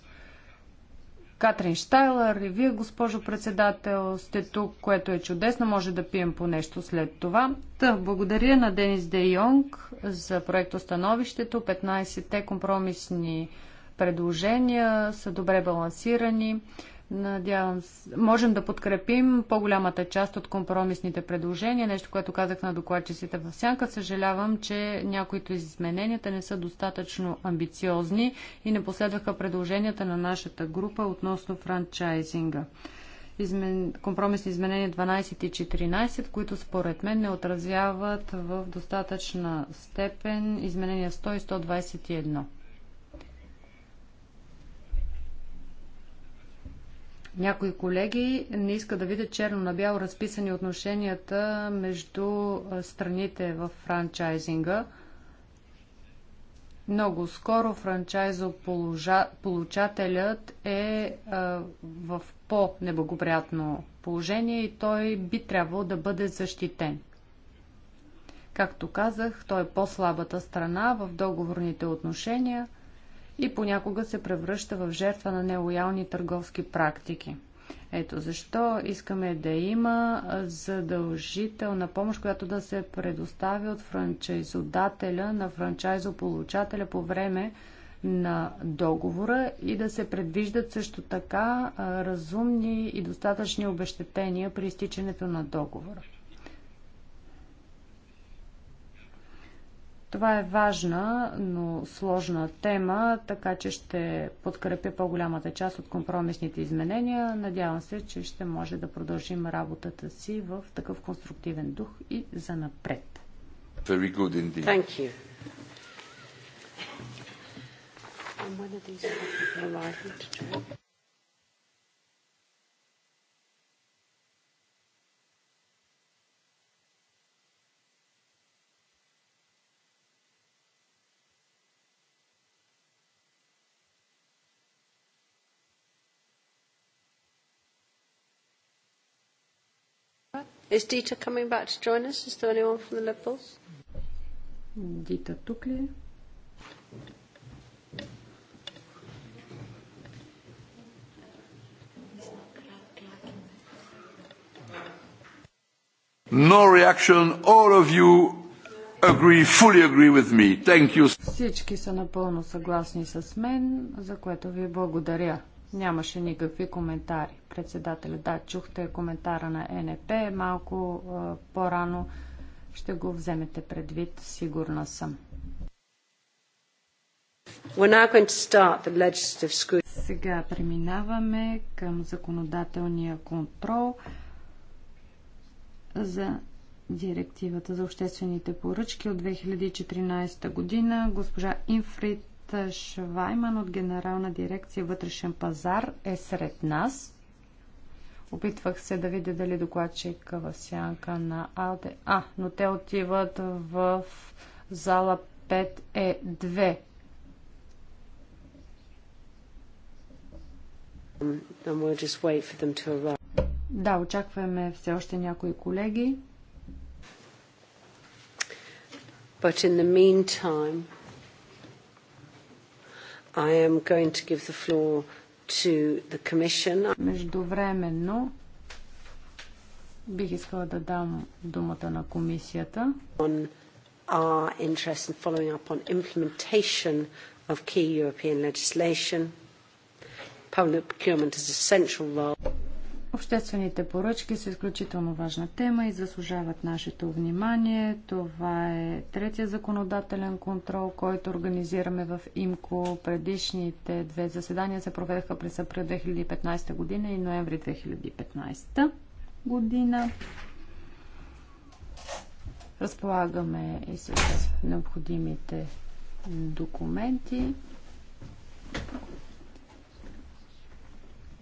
Катрин Штайлер и вие, госпожо председател, сте тук, което е чудесно. Може да пием по нещо след това. Та, благодаря на Денис Де Йонг за Становището. 15-те компромисни предложения са добре балансирани. Надявам се, можем да подкрепим по-голямата част от компромисните предложения, нещо, което казах на докладчиците в сянка. Съжалявам, че някои измененията не са достатъчно амбициозни и не последваха предложенията на нашата група относно франчайзинга. Измен... Компромисни изменения 12 и 14, които според мен не отразяват в достатъчна степен изменения 100 и 121. Някои колеги не искат да видят черно на бяло разписани отношенията между страните в франчайзинга. Много скоро франчайзополучателят е в по-неблагоприятно положение и той би трябвало да бъде защитен. Както казах, той е по-слабата страна в договорните отношения – и понякога се превръща в жертва на нелоялни търговски практики. Ето защо искаме да има задължителна помощ, която да се предостави от франчайзодателя на франчайзополучателя по време на договора и да се предвиждат също така разумни и достатъчни обещетения при изтичането на договора. Това е важна, но сложна тема, така че ще подкрепя по-голямата част от компромисните изменения. Надявам се, че ще може да продължим работата си в такъв конструктивен дух и за напред. Very good indeed. Thank you. And when are these Is Dita coming back to join us? Is there anyone from the Liberals? Dita тук ли? No reaction. All of you agree, fully agree with me. Thank you. Всички са напълно съгласни с мен, за което ви благодаря. Нямаше никакви коментари. Председателя, да, чухте коментара на НП. Малко по-рано ще го вземете предвид, сигурна съм. Сега преминаваме към законодателния контрол за директивата за обществените поръчки от 2014 година. Госпожа Инфрид Швайман от Генерална дирекция Вътрешен пазар е сред нас. Опитвах се да видя дали докладчик в сянка на Алде. А, но те отиват в зала 5Е2. Е да, очакваме все още някои колеги. But in the meantime, I am going to give the floor to the Commission. Междувременно бих искала да дам думата на комисията. On our interest in following up on implementation of key European legislation, public procurement is a central role. Обществените поръчки са изключително важна тема и заслужават нашето внимание. Това е третия законодателен контрол, който организираме в ИМКО. Предишните две заседания се проведаха през април 2015 година и ноември 2015 година. Разполагаме и с необходимите документи.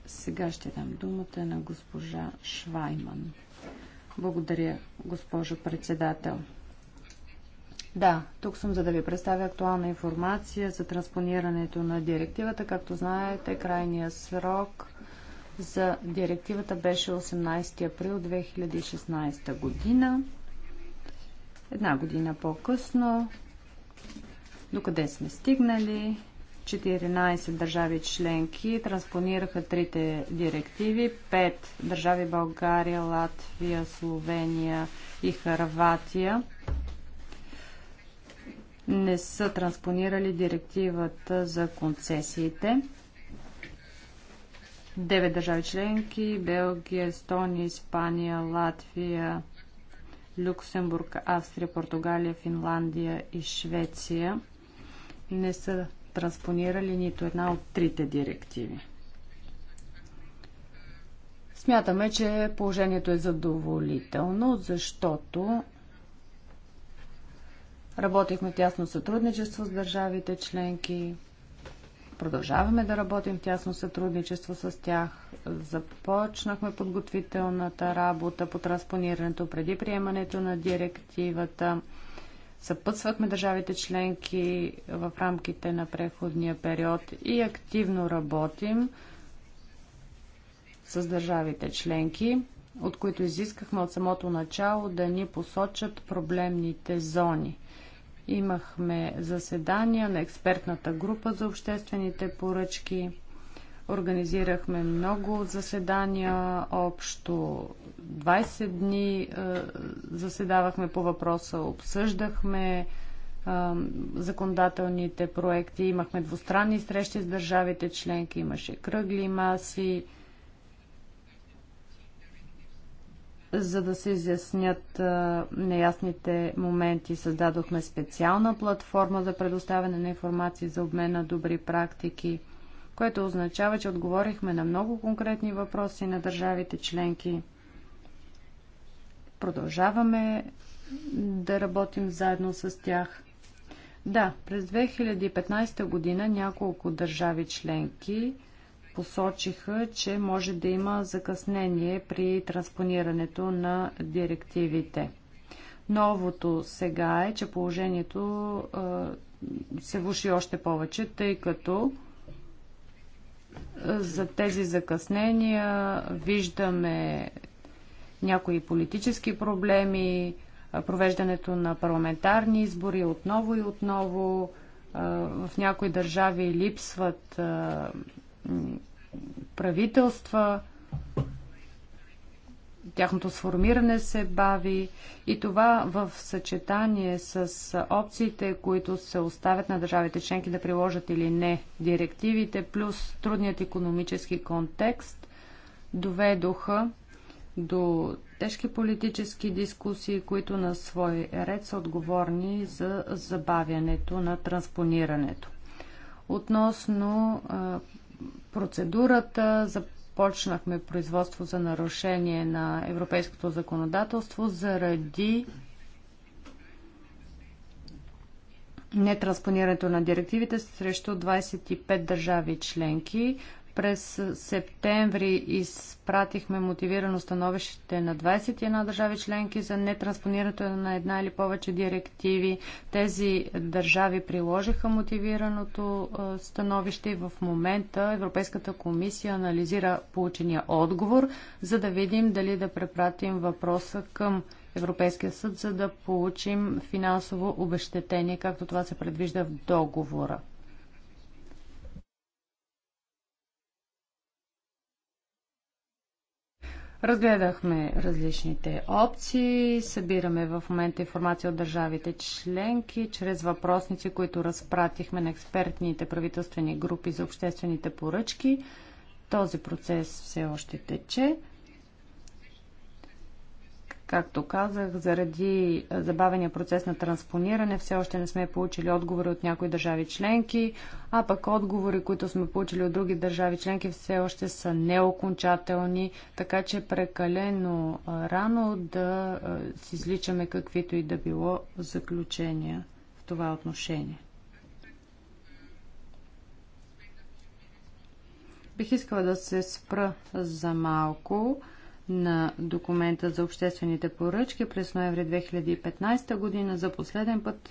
Сега ще дам думата на госпожа Швайман. Благодаря, госпожо председател. Да, тук съм за да ви представя актуална информация за транспонирането на директивата. Както знаете, крайният срок за директивата беше 18 април 2016 година. Една година по-късно. Докъде сме стигнали? 14 държави членки транспонираха трите директиви. Пет държави България, Латвия, Словения и Харватия не са транспонирали директивата за концесиите. 9 държави членки Белгия, Естония, Испания, Латвия, Люксембург, Австрия, Португалия, Финландия и Швеция не са транспонирали нито една от трите директиви. Смятаме, че положението е задоволително, защото работихме тясно сътрудничество с държавите членки, продължаваме да работим в тясно сътрудничество с тях. Започнахме подготвителната работа по транспонирането преди приемането на директивата. Съпътствахме държавите членки в рамките на преходния период и активно работим с държавите членки, от които изискахме от самото начало да ни посочат проблемните зони. Имахме заседания на експертната група за обществените поръчки Организирахме много заседания, общо 20 дни е, заседавахме по въпроса, обсъждахме е, законодателните проекти, имахме двустранни срещи с държавите членки, имаше кръгли маси, за да се изяснят е, неясните моменти. Създадохме специална платформа за предоставяне на информации за обмен на добри практики – което означава, че отговорихме на много конкретни въпроси на държавите членки. Продължаваме да работим заедно с тях. Да, през 2015 година няколко държави членки посочиха, че може да има закъснение при транспонирането на директивите. Новото сега е, че положението се влуши още повече, тъй като за тези закъснения виждаме някои политически проблеми, провеждането на парламентарни избори отново и отново. В някои държави липсват правителства тяхното сформиране се бави и това в съчетание с опциите, които се оставят на държавите членки да приложат или не директивите, плюс трудният економически контекст, доведоха до тежки политически дискусии, които на свой ред са отговорни за забавянето на транспонирането. Относно процедурата за започнахме производство за нарушение на европейското законодателство заради нетранспонирането на директивите срещу 25 държави членки. През септември изпратихме мотивирано становище на 21 държави членки за нетранспонирането на една или повече директиви. Тези държави приложиха мотивираното становище и в момента Европейската комисия анализира получения отговор, за да видим дали да препратим въпроса към Европейския съд, за да получим финансово обещетение, както това се предвижда в договора. Разгледахме различните опции, събираме в момента информация от държавите членки, чрез въпросници, които разпратихме на експертните правителствени групи за обществените поръчки. Този процес все още тече. Както казах, заради забавения процес на транспониране все още не сме получили отговори от някои държави членки, а пък отговори, които сме получили от други държави членки, все още са неокончателни, така че прекалено рано да си изличаме каквито и да било заключения в това отношение. Бих искала да се спра за малко на документа за обществените поръчки през ноември 2015 година. За последен път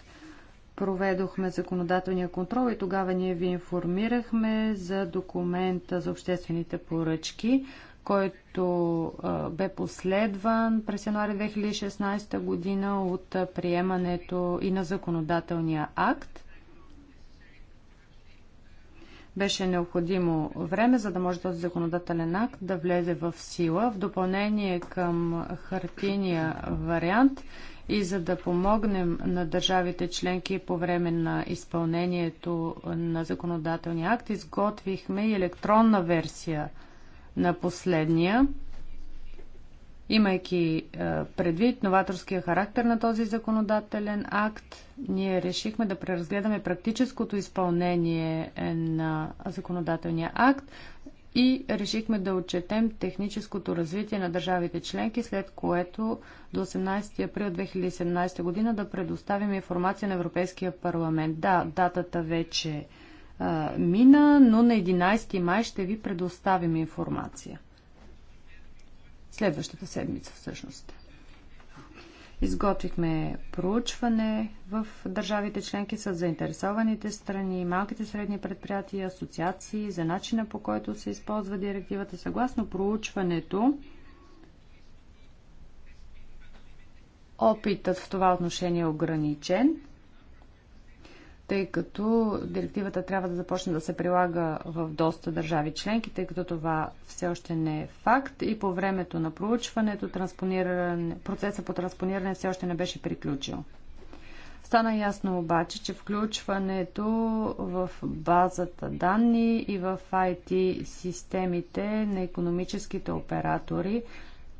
проведохме законодателния контрол и тогава ние ви информирахме за документа за обществените поръчки, който бе последван през януари 2016 година от приемането и на законодателния акт. Беше необходимо време, за да може този законодателен акт да влезе в сила. В допълнение към хартиния вариант и за да помогнем на държавите членки по време на изпълнението на законодателния акт, изготвихме и електронна версия на последния. Имайки е, предвид новаторския характер на този законодателен акт, ние решихме да преразгледаме практическото изпълнение е, на законодателния акт и решихме да отчетем техническото развитие на държавите членки, след което до 18 април 2017 година да предоставим информация на Европейския парламент. Да, датата вече а, е, мина, но на 11 май ще ви предоставим информация. Следващата седмица всъщност. Изготвихме проучване в държавите членки с заинтересованите страни, малките и средни предприятия, асоциации за начина по който се използва директивата. Съгласно проучването, опитът в това отношение е ограничен, тъй като директивата трябва да започне да се прилага в доста държави членки, тъй като това все още не е факт и по времето на проучването процеса по транспониране все още не беше приключил. Стана ясно обаче, че включването в базата данни и в IT системите на економическите оператори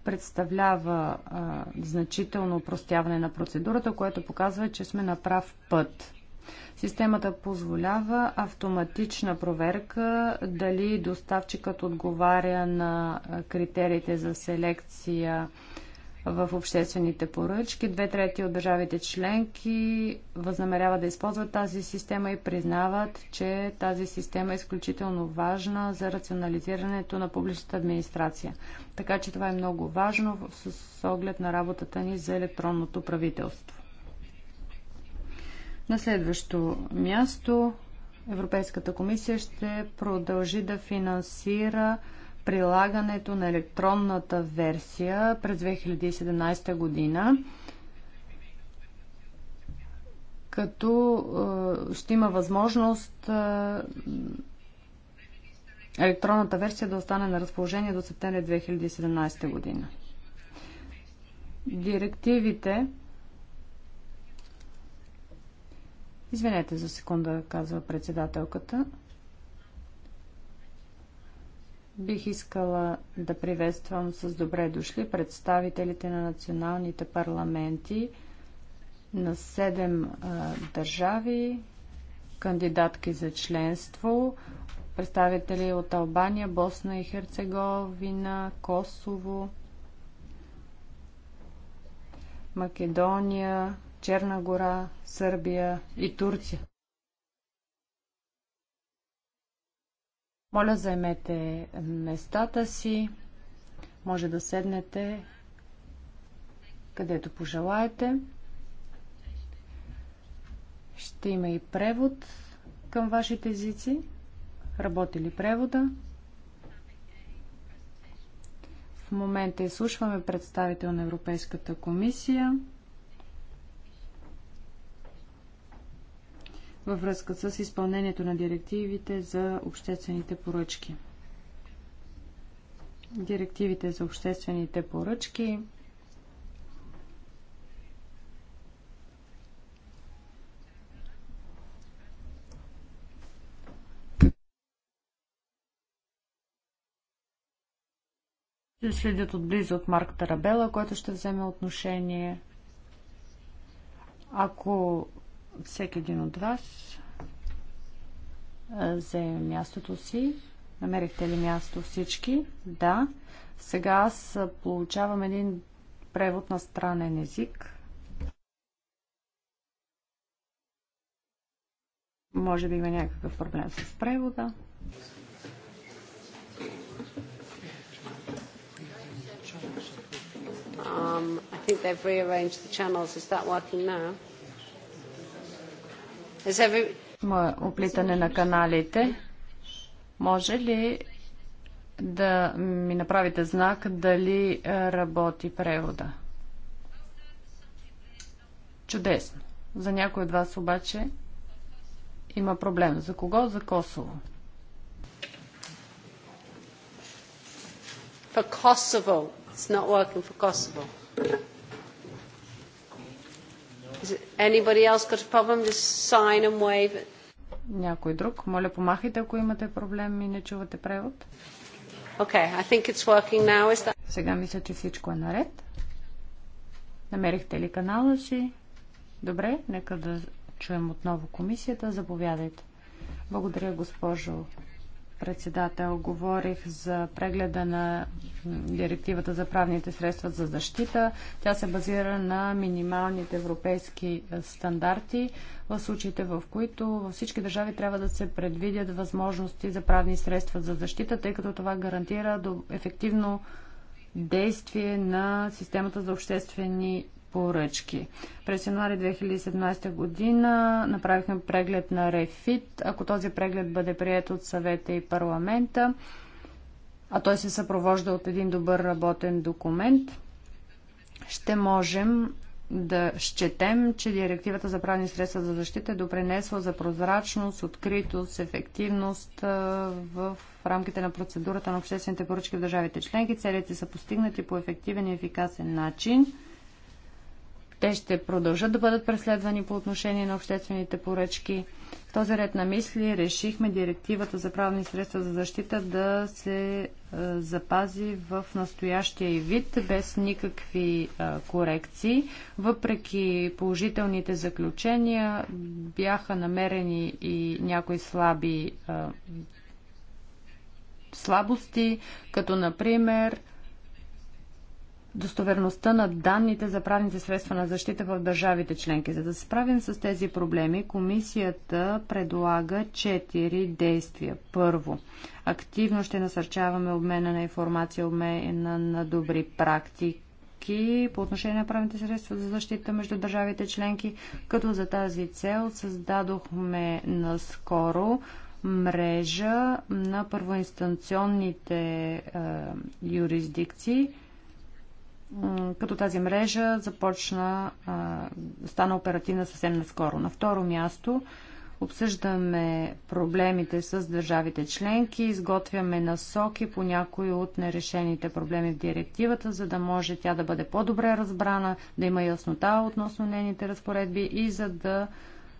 представлява а, значително упростяване на процедурата, което показва, че сме на прав път. Системата позволява автоматична проверка дали доставчикът отговаря на критериите за селекция в обществените поръчки. Две трети от държавите членки възнамеряват да използват тази система и признават, че тази система е изключително важна за рационализирането на публичната администрация. Така че това е много важно с оглед на работата ни за електронното правителство. На следващо място Европейската комисия ще продължи да финансира прилагането на електронната версия през 2017 година, като е, ще има възможност е, електронната версия да остане на разположение до септември 2017 година. Директивите Извинете за секунда, казва председателката. Бих искала да приветствам с добре дошли представителите на националните парламенти на седем държави, кандидатки за членство, представители от Албания, Босна и Херцеговина, Косово, Македония, Черна гора, Сърбия и Турция. Моля, займете местата си. Може да седнете където пожелаете. Ще има и превод към вашите езици. Работи ли превода? В момента изслушваме представител на Европейската комисия. във връзка с изпълнението на директивите за обществените поръчки. Директивите за обществените поръчки ще следят отблизо от Марк Тарабела, който ще вземе отношение. Ако всеки един от вас заеме мястото си. Намерихте ли място всички? Да. Сега аз получавам един превод на странен език. Може би има някакъв проблем с превода. Um, I think they've rearranged the channels. Is that working now? оплитане на каналите. Може ли да ми направите знак дали е, работи превода? Чудесно. За някой от вас обаче има проблем. За кого? За Косово. For Kosovo. It's not working for Kosovo. Anybody else got a problem? Just sign and wave. Някой друг? Моля, помахайте, ако имате проблем и не чувате превод. Okay, I think it's working now. Is that... Сега мисля, че всичко е наред. Намерихте ли канала си? Добре, нека да чуем отново комисията. Заповядайте. Благодаря, госпожо председател. Говорих за прегледа на директивата за правните средства за защита. Тя се базира на минималните европейски стандарти в случаите, в които във всички държави трябва да се предвидят възможности за правни средства за защита, тъй като това гарантира ефективно действие на системата за обществени поръчки. През януари 2017 година направихме преглед на Рефит. Ако този преглед бъде прият от съвета и парламента, а той се съпровожда от един добър работен документ, ще можем да счетем, че директивата за правни средства за защита е допринесла за прозрачност, откритост, ефективност в рамките на процедурата на обществените поръчки в държавите членки. Целите са постигнати по ефективен и ефикасен начин. Те ще продължат да бъдат преследвани по отношение на обществените поръчки. В този ред на мисли решихме директивата за правни средства за защита да се запази в настоящия вид, без никакви корекции. Въпреки положителните заключения, бяха намерени и някои слаби слабости, като например достоверността на данните за правните средства на защита в държавите членки. За да се справим с тези проблеми, комисията предлага четири действия. Първо, активно ще насърчаваме обмена на информация, обмена на добри практики по отношение на правните средства за защита между държавите членки, като за тази цел създадохме наскоро мрежа на първоинстанционните е, юрисдикции – като тази мрежа започна, стана оперативна съвсем наскоро. На второ място обсъждаме проблемите с държавите членки, изготвяме насоки по някои от нерешените проблеми в директивата, за да може тя да бъде по-добре разбрана, да има яснота относно нейните разпоредби и за да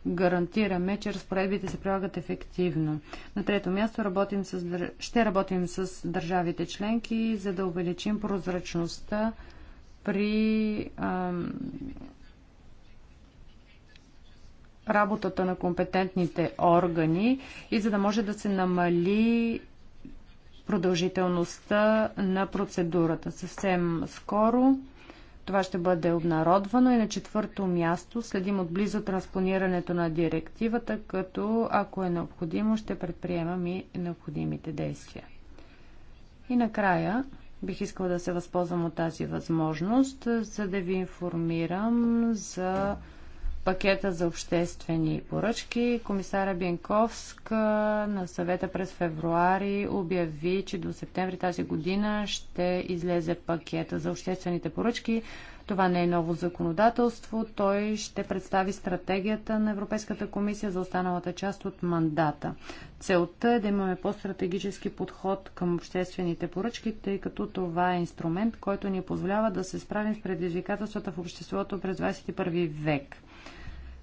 гарантираме, че разпоредбите се прилагат ефективно. На трето място работим с, ще работим с държавите членки, за да увеличим прозрачността при ам, работата на компетентните органи и за да може да се намали продължителността на процедурата. Съвсем скоро това ще бъде обнародвано и на четвърто място следим отблизо транспонирането на директивата, като ако е необходимо ще предприемам и необходимите действия. И накрая Бих искала да се възползвам от тази възможност, за да ви информирам за пакета за обществени поръчки. Комисара Бенковска на съвета през февруари обяви, че до септември тази година ще излезе пакета за обществените поръчки, това не е ново законодателство. Той ще представи стратегията на Европейската комисия за останалата част от мандата. Целта е да имаме по-стратегически подход към обществените поръчки, тъй като това е инструмент, който ни позволява да се справим с предизвикателствата в обществото през 21 век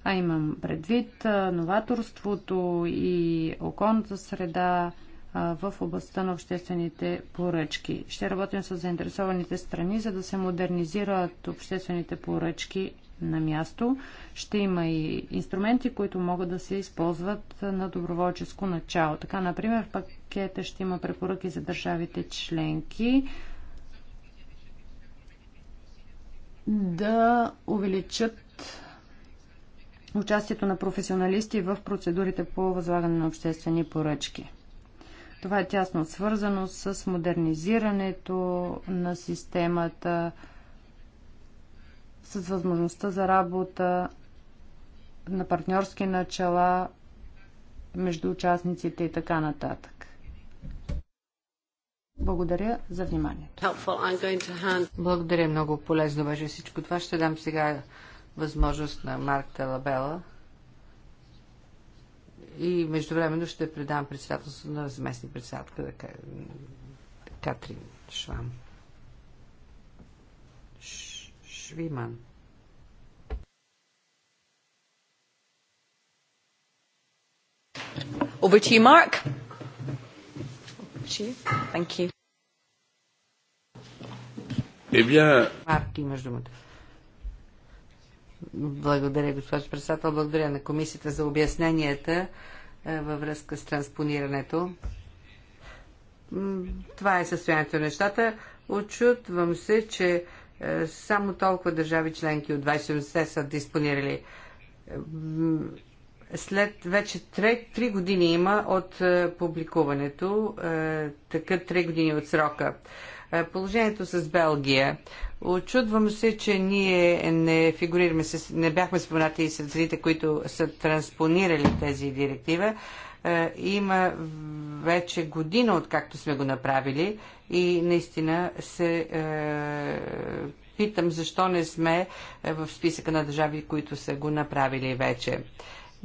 а имам предвид новаторството и околната среда, в областта на обществените поръчки. Ще работим с заинтересованите страни, за да се модернизират обществените поръчки на място. Ще има и инструменти, които могат да се използват на доброволческо начало. Така, например, в пакета ще има препоръки за държавите членки да увеличат участието на професионалисти в процедурите по възлагане на обществени поръчки. Това е тясно свързано с модернизирането на системата, с възможността за работа на партньорски начала между участниците и така нататък. Благодаря за вниманието. Благодаря много полезно беше всичко това. Ще дам сега възможност на Марк Талабела и междувременно ще предам председателството на заместни председателка да, Катрин Швам. Ш, Швиман. Over to you, Mark. Over to you. Thank you. Eh bien... Mark, благодаря, госпожо председател. Благодаря на комисията за обясненията е, във връзка с транспонирането. Това е състоянието на нещата. Очутвам се, че е, само толкова държави членки от 27 са диспонирали. След вече 3, 3 години има от е, публикуването, така 3 години от срока. Положението с Белгия. Очудвам се, че ние не фигурираме, с, не бяхме споменати и сред зрите, които са транспонирали тези директива. Е, има вече година, откакто сме го направили и наистина се е, питам защо не сме в списъка на държави, които са го направили вече.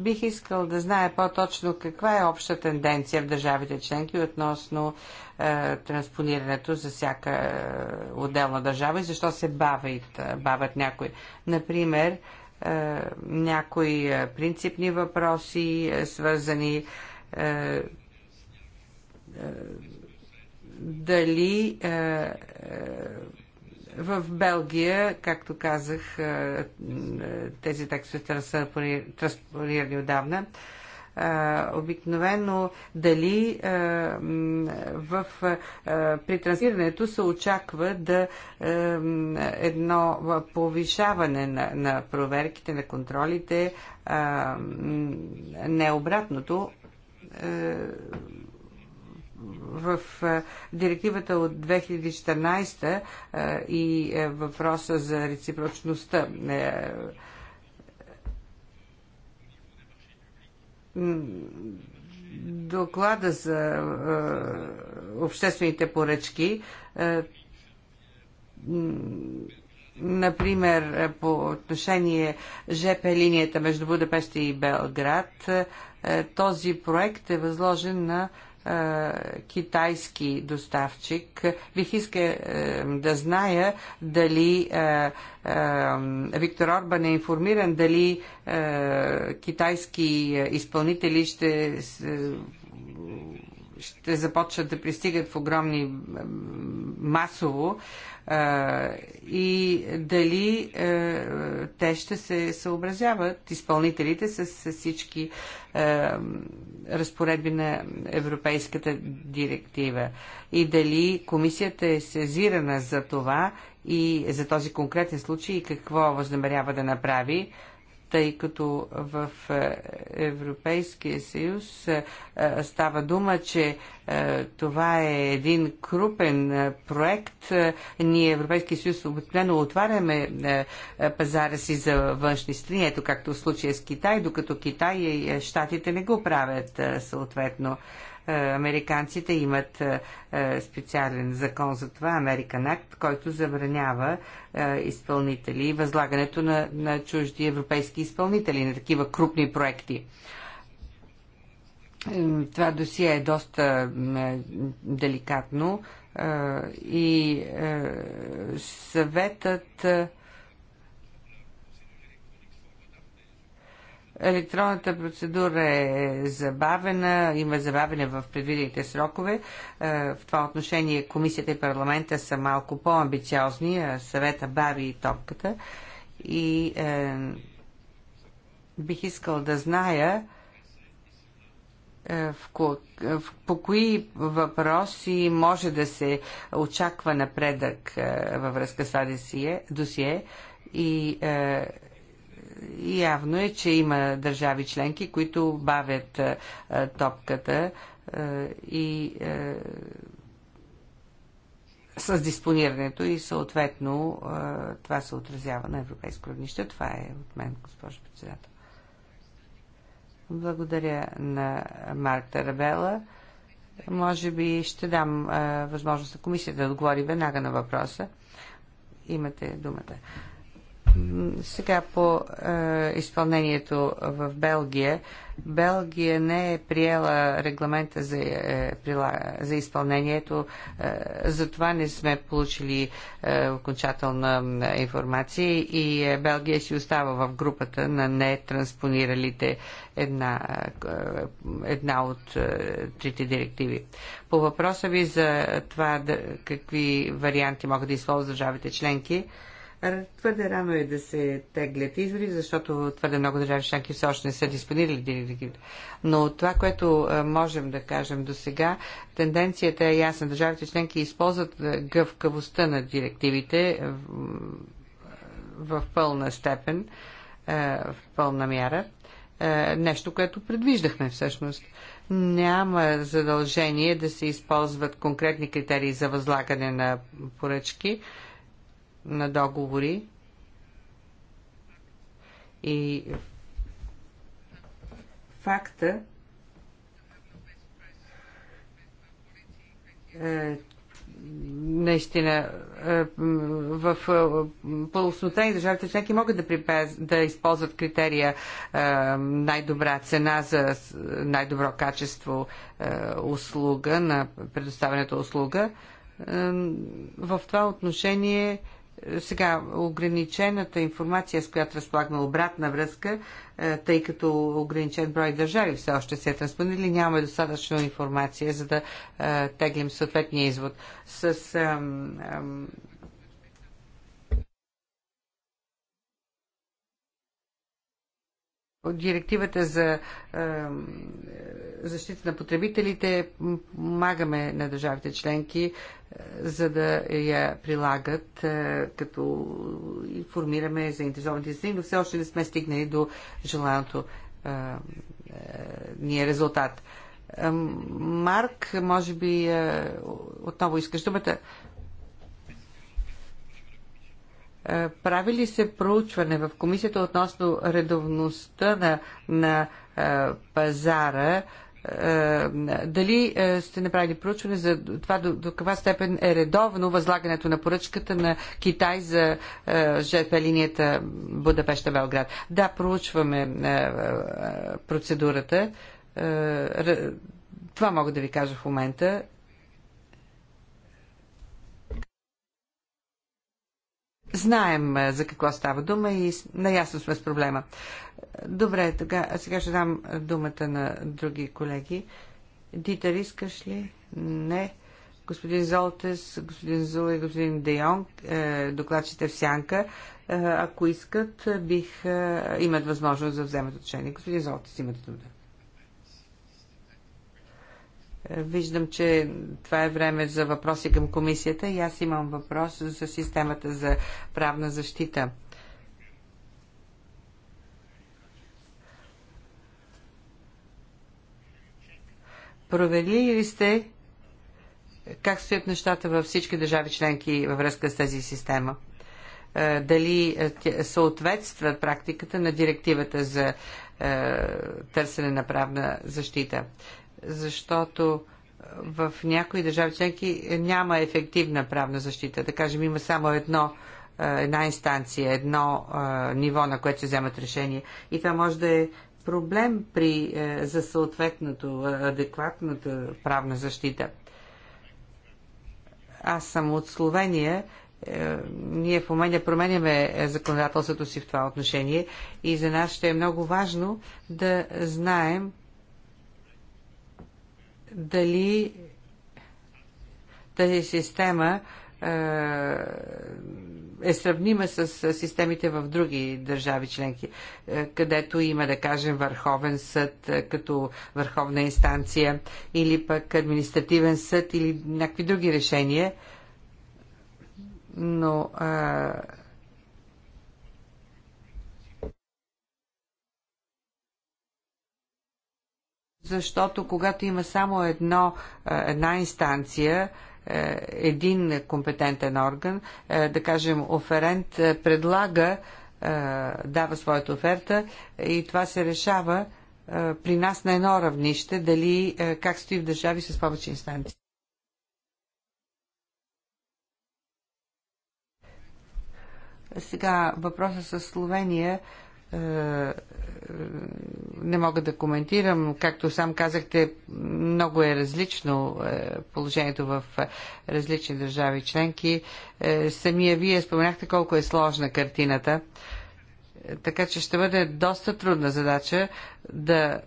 Бих искал да знае по-точно каква е обща тенденция в държавите членки относно е, транспонирането за всяка е, отделна държава и защо се бавят, е, бавят някои. Например, е, някои е, принципни въпроси, е, свързани е, е, дали е, е в Белгия, както казах, тези текстове са транспонирани отдавна. Обикновено дали в, при транспонирането се очаква да едно повишаване на, на проверките, на контролите, не обратното в директивата от 2014 и въпроса за реципрочността доклада за обществените поръчки например, по отношение ЖП линията между Будапеща и Белград, този проект е възложен на китайски доставчик. Бих иска е, да зная дали е, е, Виктор Орбан е информиран дали китайски изпълнители ще ще започнат да пристигат в огромни масово и дали те ще се съобразяват, изпълнителите, с всички разпоредби на Европейската директива и дали комисията е сезирана за това и за този конкретен случай и какво възнамерява да направи тъй като в е, Европейския съюз е, е, става дума, че това е един крупен проект. Ние, Европейския съюз, обикновено отваряме пазара си за външни страни, ето както в случая с Китай, докато Китай и Штатите не го правят съответно. Е, американците имат е, е, специален закон за това, American Act, който забранява изпълнители и възлагането на, на чужди европейски изпълнители на такива крупни проекти. Това досие е доста деликатно и съветът Електронната процедура е забавена, има забавене в предвидените срокове. Е, в това отношение комисията и парламента са малко по-амбициозни, а съвета бави и топката. И е, бих искал да зная е, в, ко, е, в, по кои въпроси може да се очаква напредък е, във връзка с това досие, досие и е, явно е, че има държави членки, които бавят е, е, топката е, и с диспонирането и съответно това се отразява на европейско равнище. Това е от мен, госпожо председател. Благодаря на Марта Рабела. Може би ще дам възможност на комисията да отговори веднага на въпроса. Имате думата. Сега по е, изпълнението в Белгия. Белгия не е приела регламента за, е, за изпълнението, е, затова не сме получили е, окончателна информация и е, Белгия си остава в групата на нетранспониралите една, е, една от е, трите директиви. По въпроса ви за това да, какви варианти могат да използват държавите членки, е, Твърде рано е да се теглят избори, защото твърде много държави членки все още не са диспонирали директивите. Но това, което можем да кажем до сега, тенденцията е ясна. Държавите членки използват гъвкавостта на директивите в пълна степен, в пълна мяра. Нещо, което предвиждахме всъщност няма задължение да се използват конкретни критерии за възлагане на поръчки на договори и факта, е, наистина е, в е, пълснота и държавите членки могат да, припаз, да използват критерия е, най-добра цена за най-добро качество услуга на предоставената услуга. В това отношение сега ограничената информация, с която разполагаме обратна връзка, е, тъй като ограничен брой държави все още се е транспонирали, нямаме достатъчно информация, за да е, теглим съответния извод. С ам, ам, директивата за е, защита на потребителите помагаме на държавите членки, е, за да я прилагат, е, като информираме за интересованите страни, но все още не сме стигнали до желаното е, е, ни е резултат. Е, Марк, може би е, отново искаш думата. Е, прави ли се проучване в комисията относно редовността на, на е, пазара? Е, дали сте направили проучване за това до, до каква степен е редовно възлагането на поръчката на Китай за жертва линията Будапешта-Белград? Да, проучваме процедурата. това мога да ви кажа в момента. знаем е, за какво става дума и наясно сме с проблема. Добре, тога, сега ще дам думата на други колеги. Дитър, искаш ли? Не. Господин Золтес, господин Зула и господин Дейонг, е, докладчите в сянка, е, ако искат, бих, имат възможност да вземат отношение. Господин Золтес, имате думата. Виждам, че това е време за въпроси към комисията и аз имам въпрос за системата за правна защита. Проверили ли сте как стоят нещата във всички държави членки във връзка с тази система? Е, дали е, съответстват практиката на директивата за е, търсене на правна защита? защото е, в някои държави членки няма ефективна правна защита. Да кажем, има само едно, е, една инстанция, едно е, ниво, на което се вземат решения. И това може да е проблем при, за съответното, адекватната правна защита. Аз съм от Словения. Ние в момента променяме законодателството си в това отношение и за нас ще е много важно да знаем дали тази система е, е сравнима с системите в други държави членки, е, където има, да кажем, върховен съд е, като върховна инстанция или пък административен съд или някакви други решения. Но защото когато има само едно, е, една инстанция, е, един компетентен орган, е, да кажем оферент, предлага, дава своята оферта и това се решава при нас на едно равнище, дали как стои в държави с повече инстанции. Сега въпроса с Словения е, не мога да коментирам. Както сам казахте, много е различно е, положението в е, различни държави членки. Самия вие споменахте колко е сложна картината. Така че ще бъде доста трудна задача да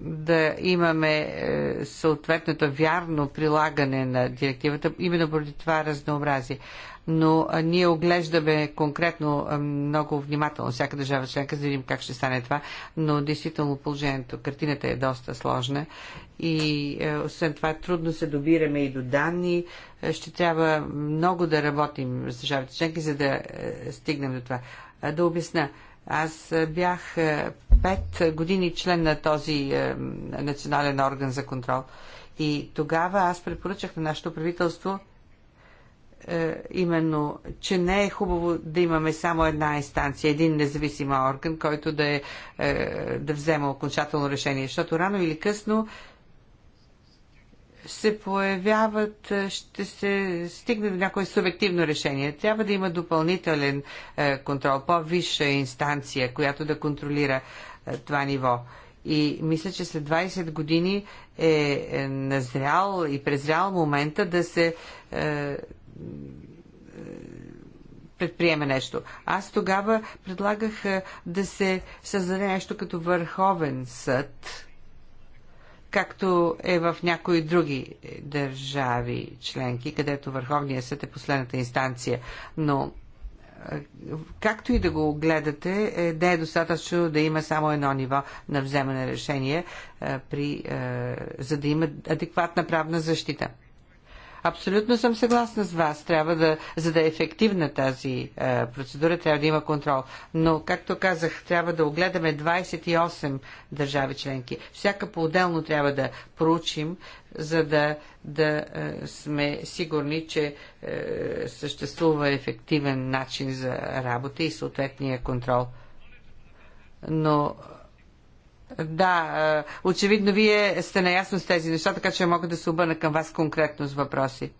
да имаме е, съответното вярно прилагане на директивата, именно поради това разнообразие. Но ние оглеждаме конкретно много внимателно всяка държава членка, за да видим как ще стане това, но действително положението, картината е доста сложна и е, освен това трудно се добираме и до данни. Е, ще трябва много да работим с държавите членки, за да стигнем до това. Да обясня. Аз бях е, пет години член на този е, национален орган за контрол. И тогава аз препоръчах на нашето правителство е, именно, че не е хубаво да имаме само една инстанция, един независим орган, който да, е, да взема окончателно решение, защото рано или късно се появяват, е, ще се стигне до някое субективно решение. Трябва да има допълнителен е, контрол, по-висша инстанция, която да контролира е, това ниво. И мисля, че след 20 години е назрял и презрял момента да се предприеме нещо. Аз тогава предлагах да се създаде нещо като върховен съд, както е в някои други държави членки, където Върховният съд е последната инстанция. Но е, както и да го гледате, е, не е достатъчно да има само едно ниво на вземане решение, е, при, за да има адекватна правна защита. Абсолютно съм съгласна с вас. Трябва да, за да е ефективна тази е, процедура, трябва да има контрол. Но, както казах, трябва да огледаме 28 държави членки. Всяка по-отделно трябва да проучим, за да, да е, сме сигурни, че е, съществува ефективен начин за работа и съответния контрол. Но да, е, очевидно вие сте наясно с тези неща, така че мога да се обърна към вас конкретно с въпроси.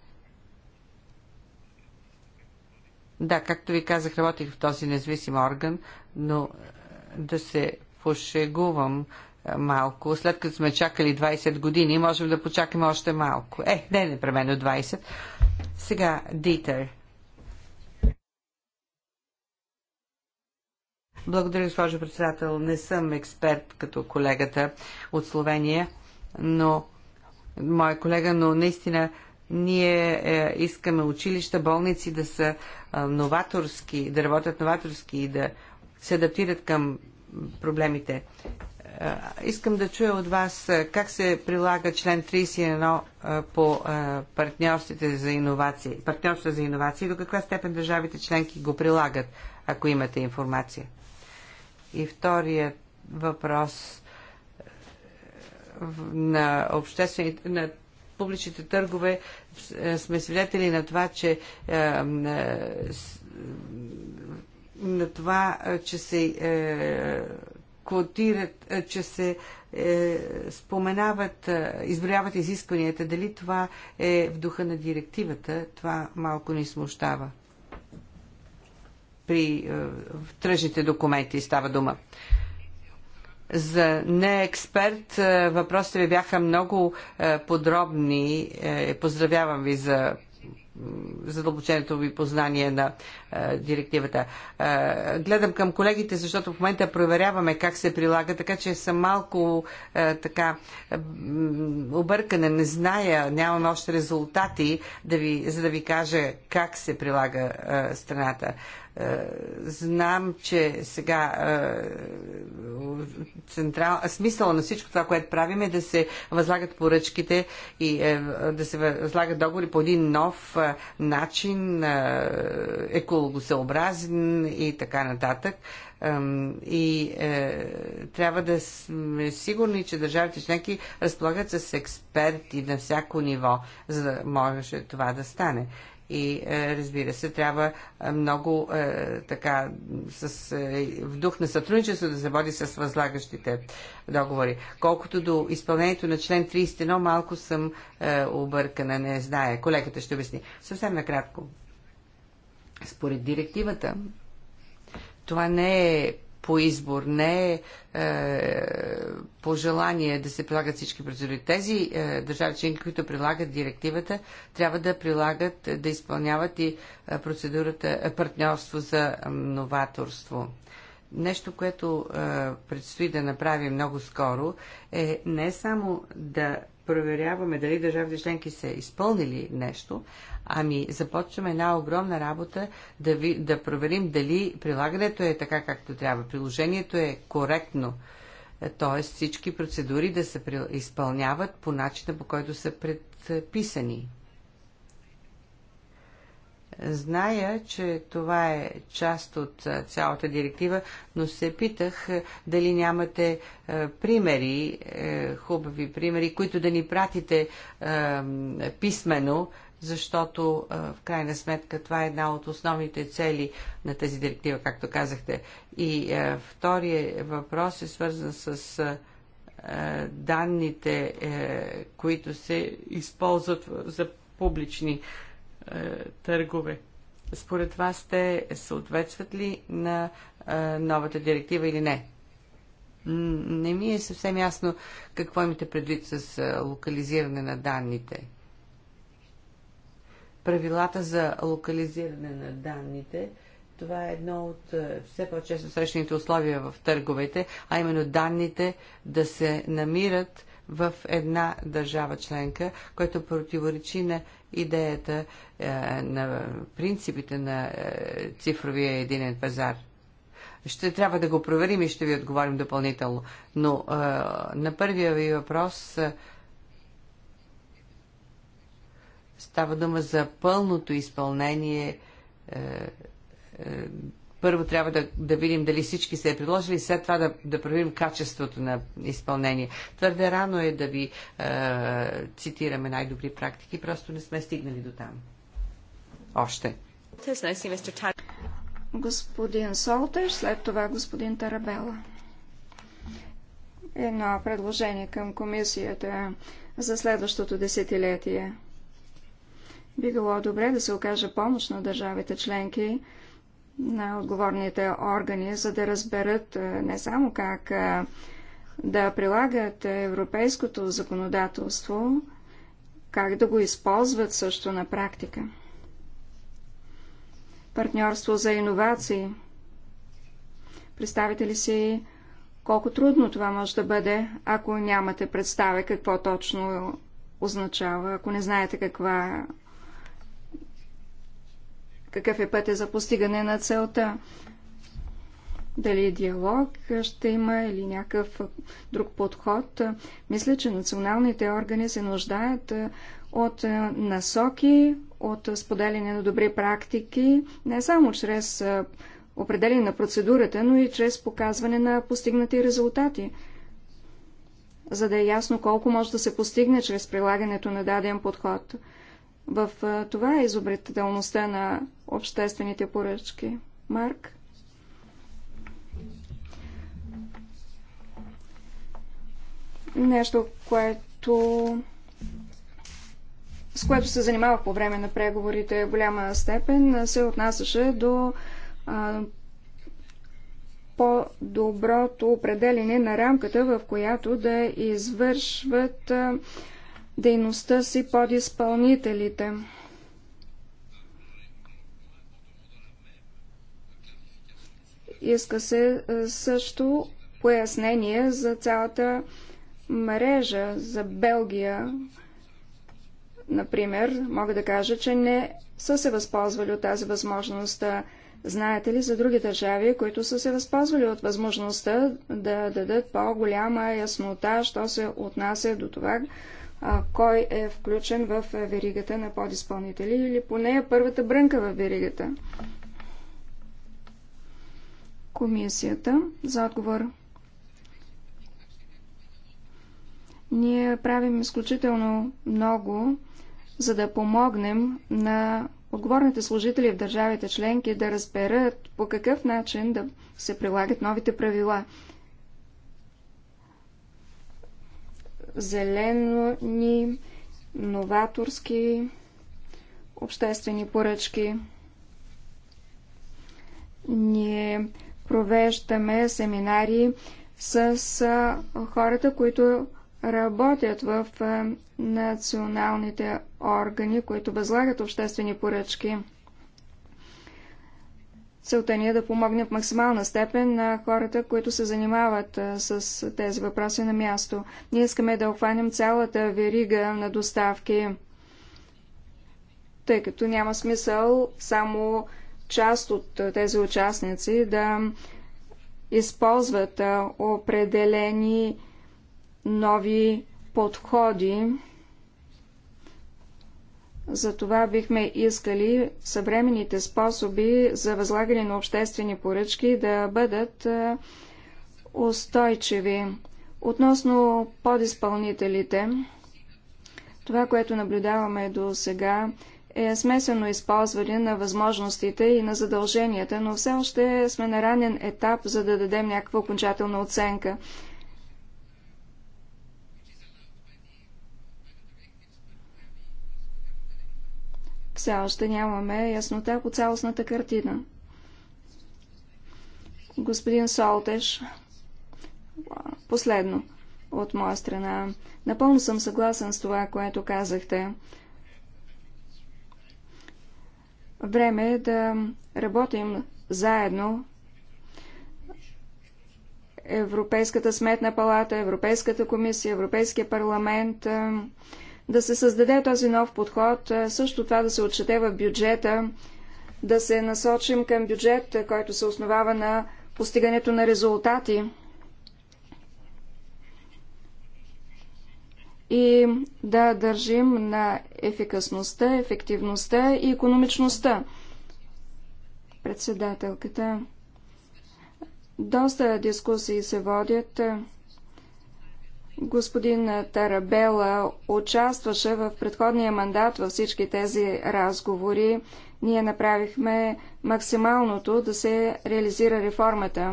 Да, както ви казах, работих в този независим орган, но е, да се пошегувам е, малко. След като сме чакали 20 години, можем да почакаме още малко. Е, не непременно 20. Сега, Дитър. Благодаря, госпожо председател. Не съм експерт като колегата от Словения, но моя колега, но наистина ние е, искаме училища, болници да са е, новаторски, да работят новаторски и да се адаптират към проблемите. Е, искам да чуя от вас как се прилага член 31 по партньорствата за иновации, партньорства за иновации и до каква степен държавите членки го прилагат, ако имате информация. И вторият въпрос на обществените, на публичните търгове е, сме свидетели на това, че е, е, на това, че се квотират, че се споменават, изброяват изискванията. Дали това е в духа на директивата, това малко ни смущава при е, тръжните документи става дума. За неексперт е, въпросите ви бяха много е, подробни. Поздравявам ви за задълбоченото ви познание на е, директивата. Е, гледам към колегите, защото в момента проверяваме как се прилага, така че съм малко е, така объркана, не зная, нямам още резултати, да ви, за да ви кажа как се прилага е, страната. Е, знам, че сега е, централ... смисъл на всичко това, което правим е да се възлагат поръчките и е, да се възлагат договори по един нов начин, екологосъобразен и така нататък. И е, трябва да сме сигурни, че държавите членки разполагат с експерти на всяко ниво, за да може това да стане и е, разбира се, трябва е, много е, така с, в дух на сътрудничество да се води с възлагащите договори. Колкото до изпълнението на член 31, малко съм объркана, не знае. Колегата ще обясни. Съвсем накратко. Според директивата, това не е по избор, не е, е по желание да се прилагат всички процедури. Тези е, държави членки, които прилагат директивата, трябва да прилагат, да изпълняват и е, процедурата е, партньорство за новаторство. Нещо, което е, предстои да направим много скоро, е не само да проверяваме дали държавите членки са изпълнили нещо, ами започваме една огромна работа да, ви, да проверим дали прилагането е така както трябва, приложението е коректно, т.е. всички процедури да се изпълняват по начина по който са предписани. Зная, че това е част от цялата директива, но се питах дали нямате примери, е, хубави примери, които да ни пратите е, писменно, защото в крайна сметка това е една от основните цели на тази директива, както казахте. И е, втория въпрос е свързан с данните, които се използват за публични е, търгове. Според вас те съответстват ли на е, новата директива или не? Не ми е съвсем ясно какво имате предвид с е, локализиране на данните. Правилата за локализиране на данните, това е едно от все по-често срещаните условия в търговете, а именно данните да се намират в една държава членка, което противоречи на идеята е, на принципите на е, цифровия единен пазар. Ще трябва да го проверим и ще ви отговорим допълнително. Но е, на първия ви въпрос е, става дума за пълното изпълнение е, е, първо трябва да, да видим дали всички се е приложили след това да, да проверим качеството на изпълнение. Твърде рано е да ви е, цитираме най-добри практики, просто не сме стигнали до там. Още. Господин Солтер, след това господин Тарабела. Едно предложение към комисията за следващото десетилетие. Би било добре да се окаже помощ на държавите членки на отговорните органи, за да разберат е, не само как е, да прилагат европейското законодателство, как да го използват също на практика. Партньорство за иновации. Представите ли си колко трудно това може да бъде, ако нямате представа какво точно означава, ако не знаете каква какъв е пътя за постигане на целта. Дали диалог ще има или някакъв друг подход. Мисля, че националните органи се нуждаят от насоки, от споделяне на добри практики, не само чрез определение на процедурата, но и чрез показване на постигнати резултати, за да е ясно колко може да се постигне чрез прилагането на даден подход – в това е изобретателността на обществените поръчки. Марк? Нещо, което с което се занимавах по време на преговорите в голяма степен, се отнасяше до по-доброто определене на рамката, в която да извършват а, дейността си под изпълнителите. Иска се е, също пояснение за цялата мрежа за Белгия. Например, мога да кажа, че не са се възползвали от тази възможност. Знаете ли за други държави, които са се възползвали от възможността да дадат по-голяма яснота, що се отнася до това, кой е включен в веригата на подизпълнители или поне е първата брънка в веригата. Комисията за отговор. Ние правим изключително много, за да помогнем на отговорните служители в държавите членки да разберат по какъв начин да се прилагат новите правила – зелени, новаторски обществени поръчки. Ние провеждаме семинари с хората, които работят в националните органи, които възлагат обществени поръчки. Целта ни е да помогне в максимална степен на хората, които се занимават с тези въпроси на място. Ние искаме да охванем цялата верига на доставки, тъй като няма смисъл само част от тези участници да използват определени нови подходи затова бихме искали съвременните способи за възлагане на обществени поръчки да бъдат устойчиви. Относно подизпълнителите, това, което наблюдаваме до сега, е смесено използване на възможностите и на задълженията, но все още сме на ранен етап, за да дадем някаква окончателна оценка. все още нямаме яснота по цялостната картина. Господин Солтеш, последно от моя страна. Напълно съм съгласен с това, което казахте. Време е да работим заедно. Европейската сметна палата, Европейската комисия, Европейския парламент, да се създаде този нов подход, също това да се отчете в бюджета, да се насочим към бюджет, който се основава на постигането на резултати. И да държим на ефикасността, ефективността и економичността. Председателката. Доста дискусии се водят. Господин Тарабела участваше в предходния мандат във всички тези разговори. Ние направихме максималното да се реализира реформата.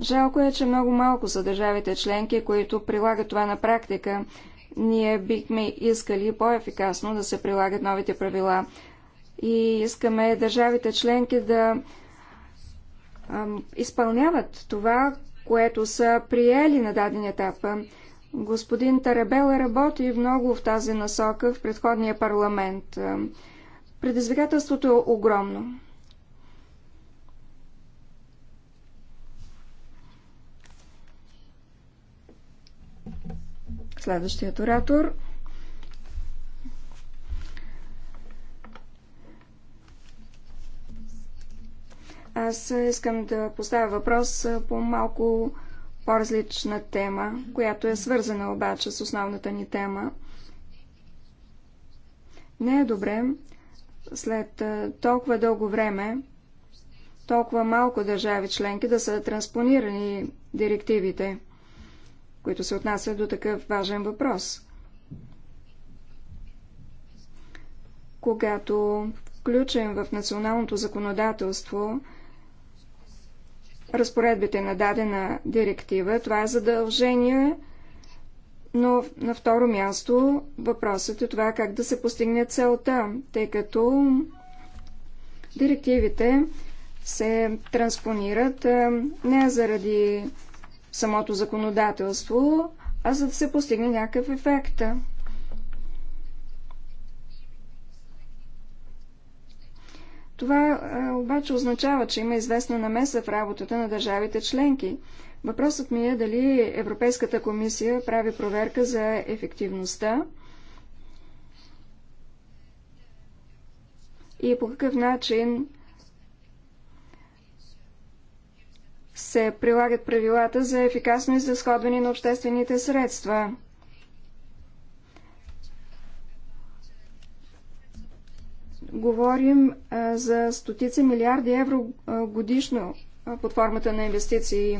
Жалко е, че много малко са държавите членки, които прилагат това на практика. Ние бихме искали по-ефикасно да се прилагат новите правила. И искаме държавите членки да изпълняват това, което са приели на даден етап. Господин Тарабела работи много в тази насока в предходния парламент. Предизвикателството е огромно. Следващият оратор. Аз искам да поставя въпрос по малко по-различна тема, която е свързана обаче с основната ни тема. Не е добре след толкова дълго време, толкова малко държави членки да са транспонирани директивите, които се отнасят до такъв важен въпрос. Когато включим в националното законодателство разпоредбите на дадена директива. Това е задължение, но на второ място въпросът е това как да се постигне целта, тъй като директивите се транспонират не заради самото законодателство, а за да се постигне някакъв ефект. Това а, обаче означава, че има известна намеса в работата на държавите членки. Въпросът ми е дали Европейската комисия прави проверка за ефективността и по какъв начин се прилагат правилата за ефикасно изразходване на обществените средства. говорим за стотици милиарди евро годишно под формата на инвестиции.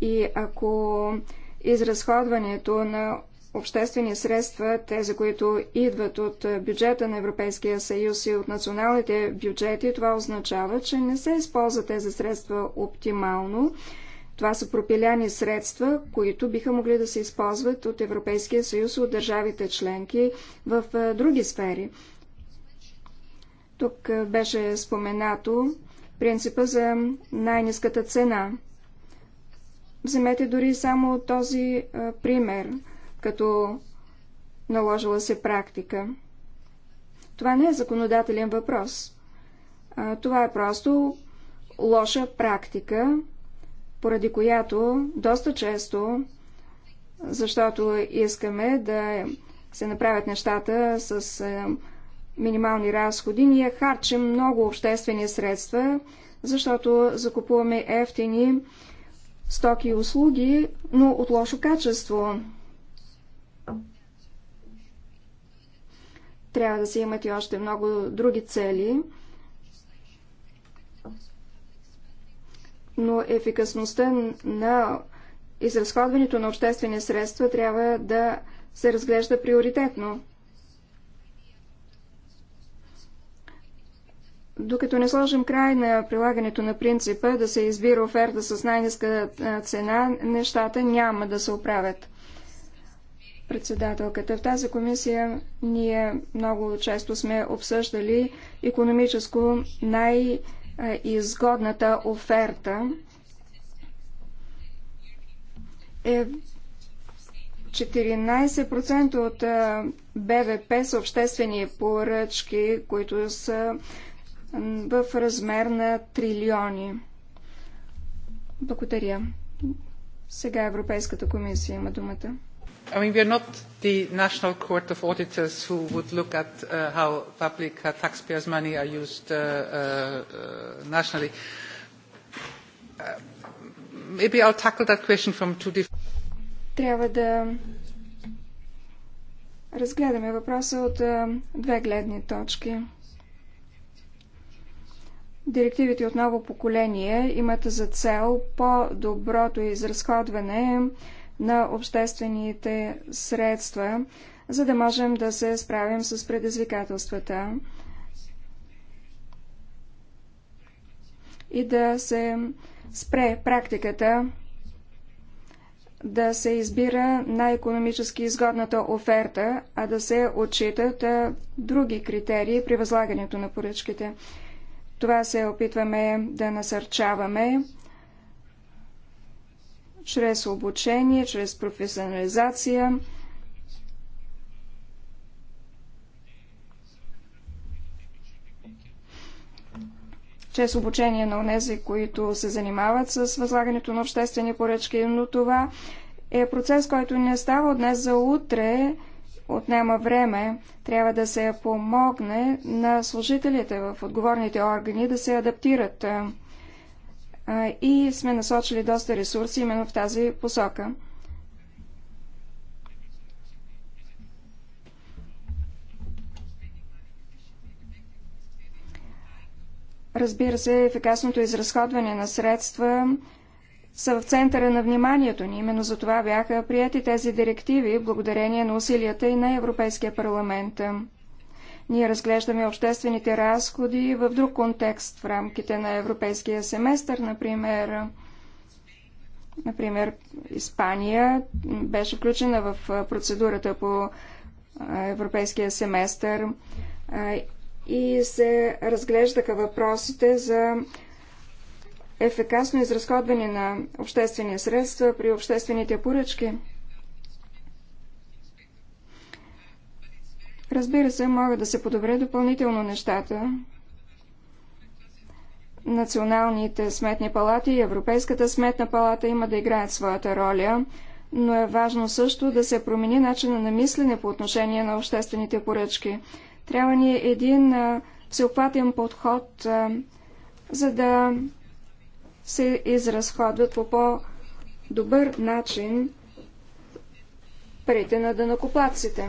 И ако изразходването на обществени средства, тези, които идват от бюджета на Европейския съюз и от националните бюджети, това означава, че не се използват тези средства оптимално. Това са пропиляни средства, които биха могли да се използват от Европейския съюз, от държавите членки в други сфери. Тук беше споменато принципа за най-низката цена. Вземете дори само този пример, като наложила се практика. Това не е законодателен въпрос. Това е просто лоша практика, поради която доста често, защото искаме да се направят нещата с минимални разходи, ние харчим много обществени средства, защото закупуваме ефтини стоки и услуги, но от лошо качество. Трябва да се имат и още много други цели. Но ефикасността на изразходването на обществени средства трябва да се разглежда приоритетно. Докато не сложим край на прилагането на принципа да се избира оферта с най-низка цена, нещата няма да се оправят. Председателката в тази комисия ние много често сме обсъждали економическо най-изгодната оферта. Е 14% от БВП са обществени поръчки, които са в размер на трилиони. Благодаря. Сега Европейската комисия има думата. I mean, we are not the National Court of Auditors who would look at uh, how public uh, taxpayers' money are used uh, uh, uh, nationally. Uh, maybe I'll tackle that question from two different... Трябва да разгледаме въпроса от uh, две гледни точки. Директивите от ново поколение имат за цел по-доброто изразходване на обществените средства, за да можем да се справим с предизвикателствата и да се спре практиката да се избира най-економически изгодната оферта, а да се отчитат други критерии при възлагането на поръчките. Това се опитваме да насърчаваме чрез обучение, чрез професионализация. чрез обучение на онези, които се занимават с възлагането на обществени поръчки, но това е процес, който не става от днес за утре отнема време. Трябва да се помогне на служителите в отговорните органи да се адаптират. И сме насочили доста ресурси именно в тази посока. Разбира се, ефикасното изразходване на средства са в центъра на вниманието ни. Именно за това бяха прияти тези директиви, благодарение на усилията и на Европейския парламент. Ние разглеждаме обществените разходи в друг контекст в рамките на европейския семестър, например. Например, Испания беше включена в процедурата по европейския семестър и се разглеждаха въпросите за ефикасно изразходване на обществени средства при обществените поръчки. Разбира се, могат да се подобре допълнително нещата. Националните сметни палати и Европейската сметна палата има да играят своята роля, но е важно също да се промени начина на мислене по отношение на обществените поръчки. Трябва ни един всеобхватен подход, за да се изразходват по по-добър начин парите на дънакоплаците.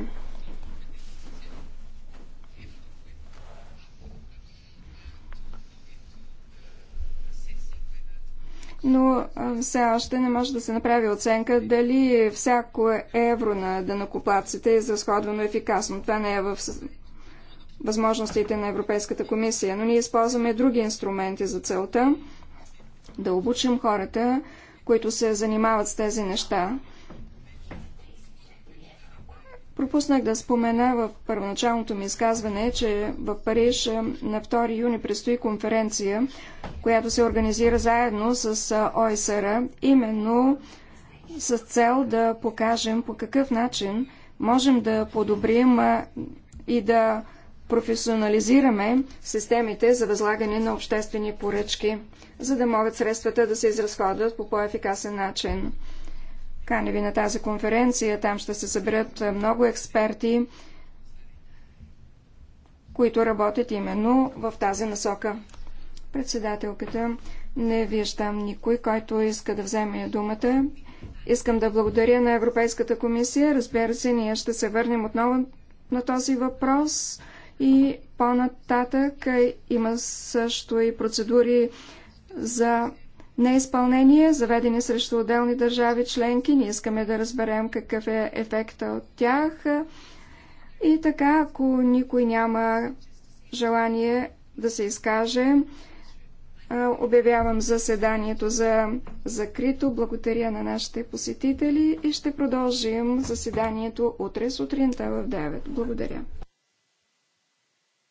но все още не може да се направи оценка дали всяко евро на данокоплаците е изразходвано ефикасно. Това не е в възможностите на Европейската комисия, но ние използваме други инструменти за целта да обучим хората, които се занимават с тези неща. Пропуснах да спомена в първоначалното ми изказване, че в Париж е, на 2 юни предстои конференция, която се организира заедно с е, ОСР, именно с цел да покажем по какъв начин можем да подобрим е, и да професионализираме системите за възлагане на обществени поръчки, за да могат средствата да се изразходват по по-ефикасен начин. Кане ви на тази конференция, там ще се съберат много експерти, които работят именно в тази насока. Председателката, не виждам никой, който иска да вземе думата. Искам да благодаря на Европейската комисия. Разбира се, ние ще се върнем отново на този въпрос. И по-нататък е, има също и процедури за неизпълнение, заведени срещу отделни държави членки. Ние искаме да разберем какъв е ефекта от тях. И така, ако никой няма желание да се изкаже, е, обявявам заседанието за закрито. Благодаря на нашите посетители и ще продължим заседанието утре сутринта в 9. Благодаря.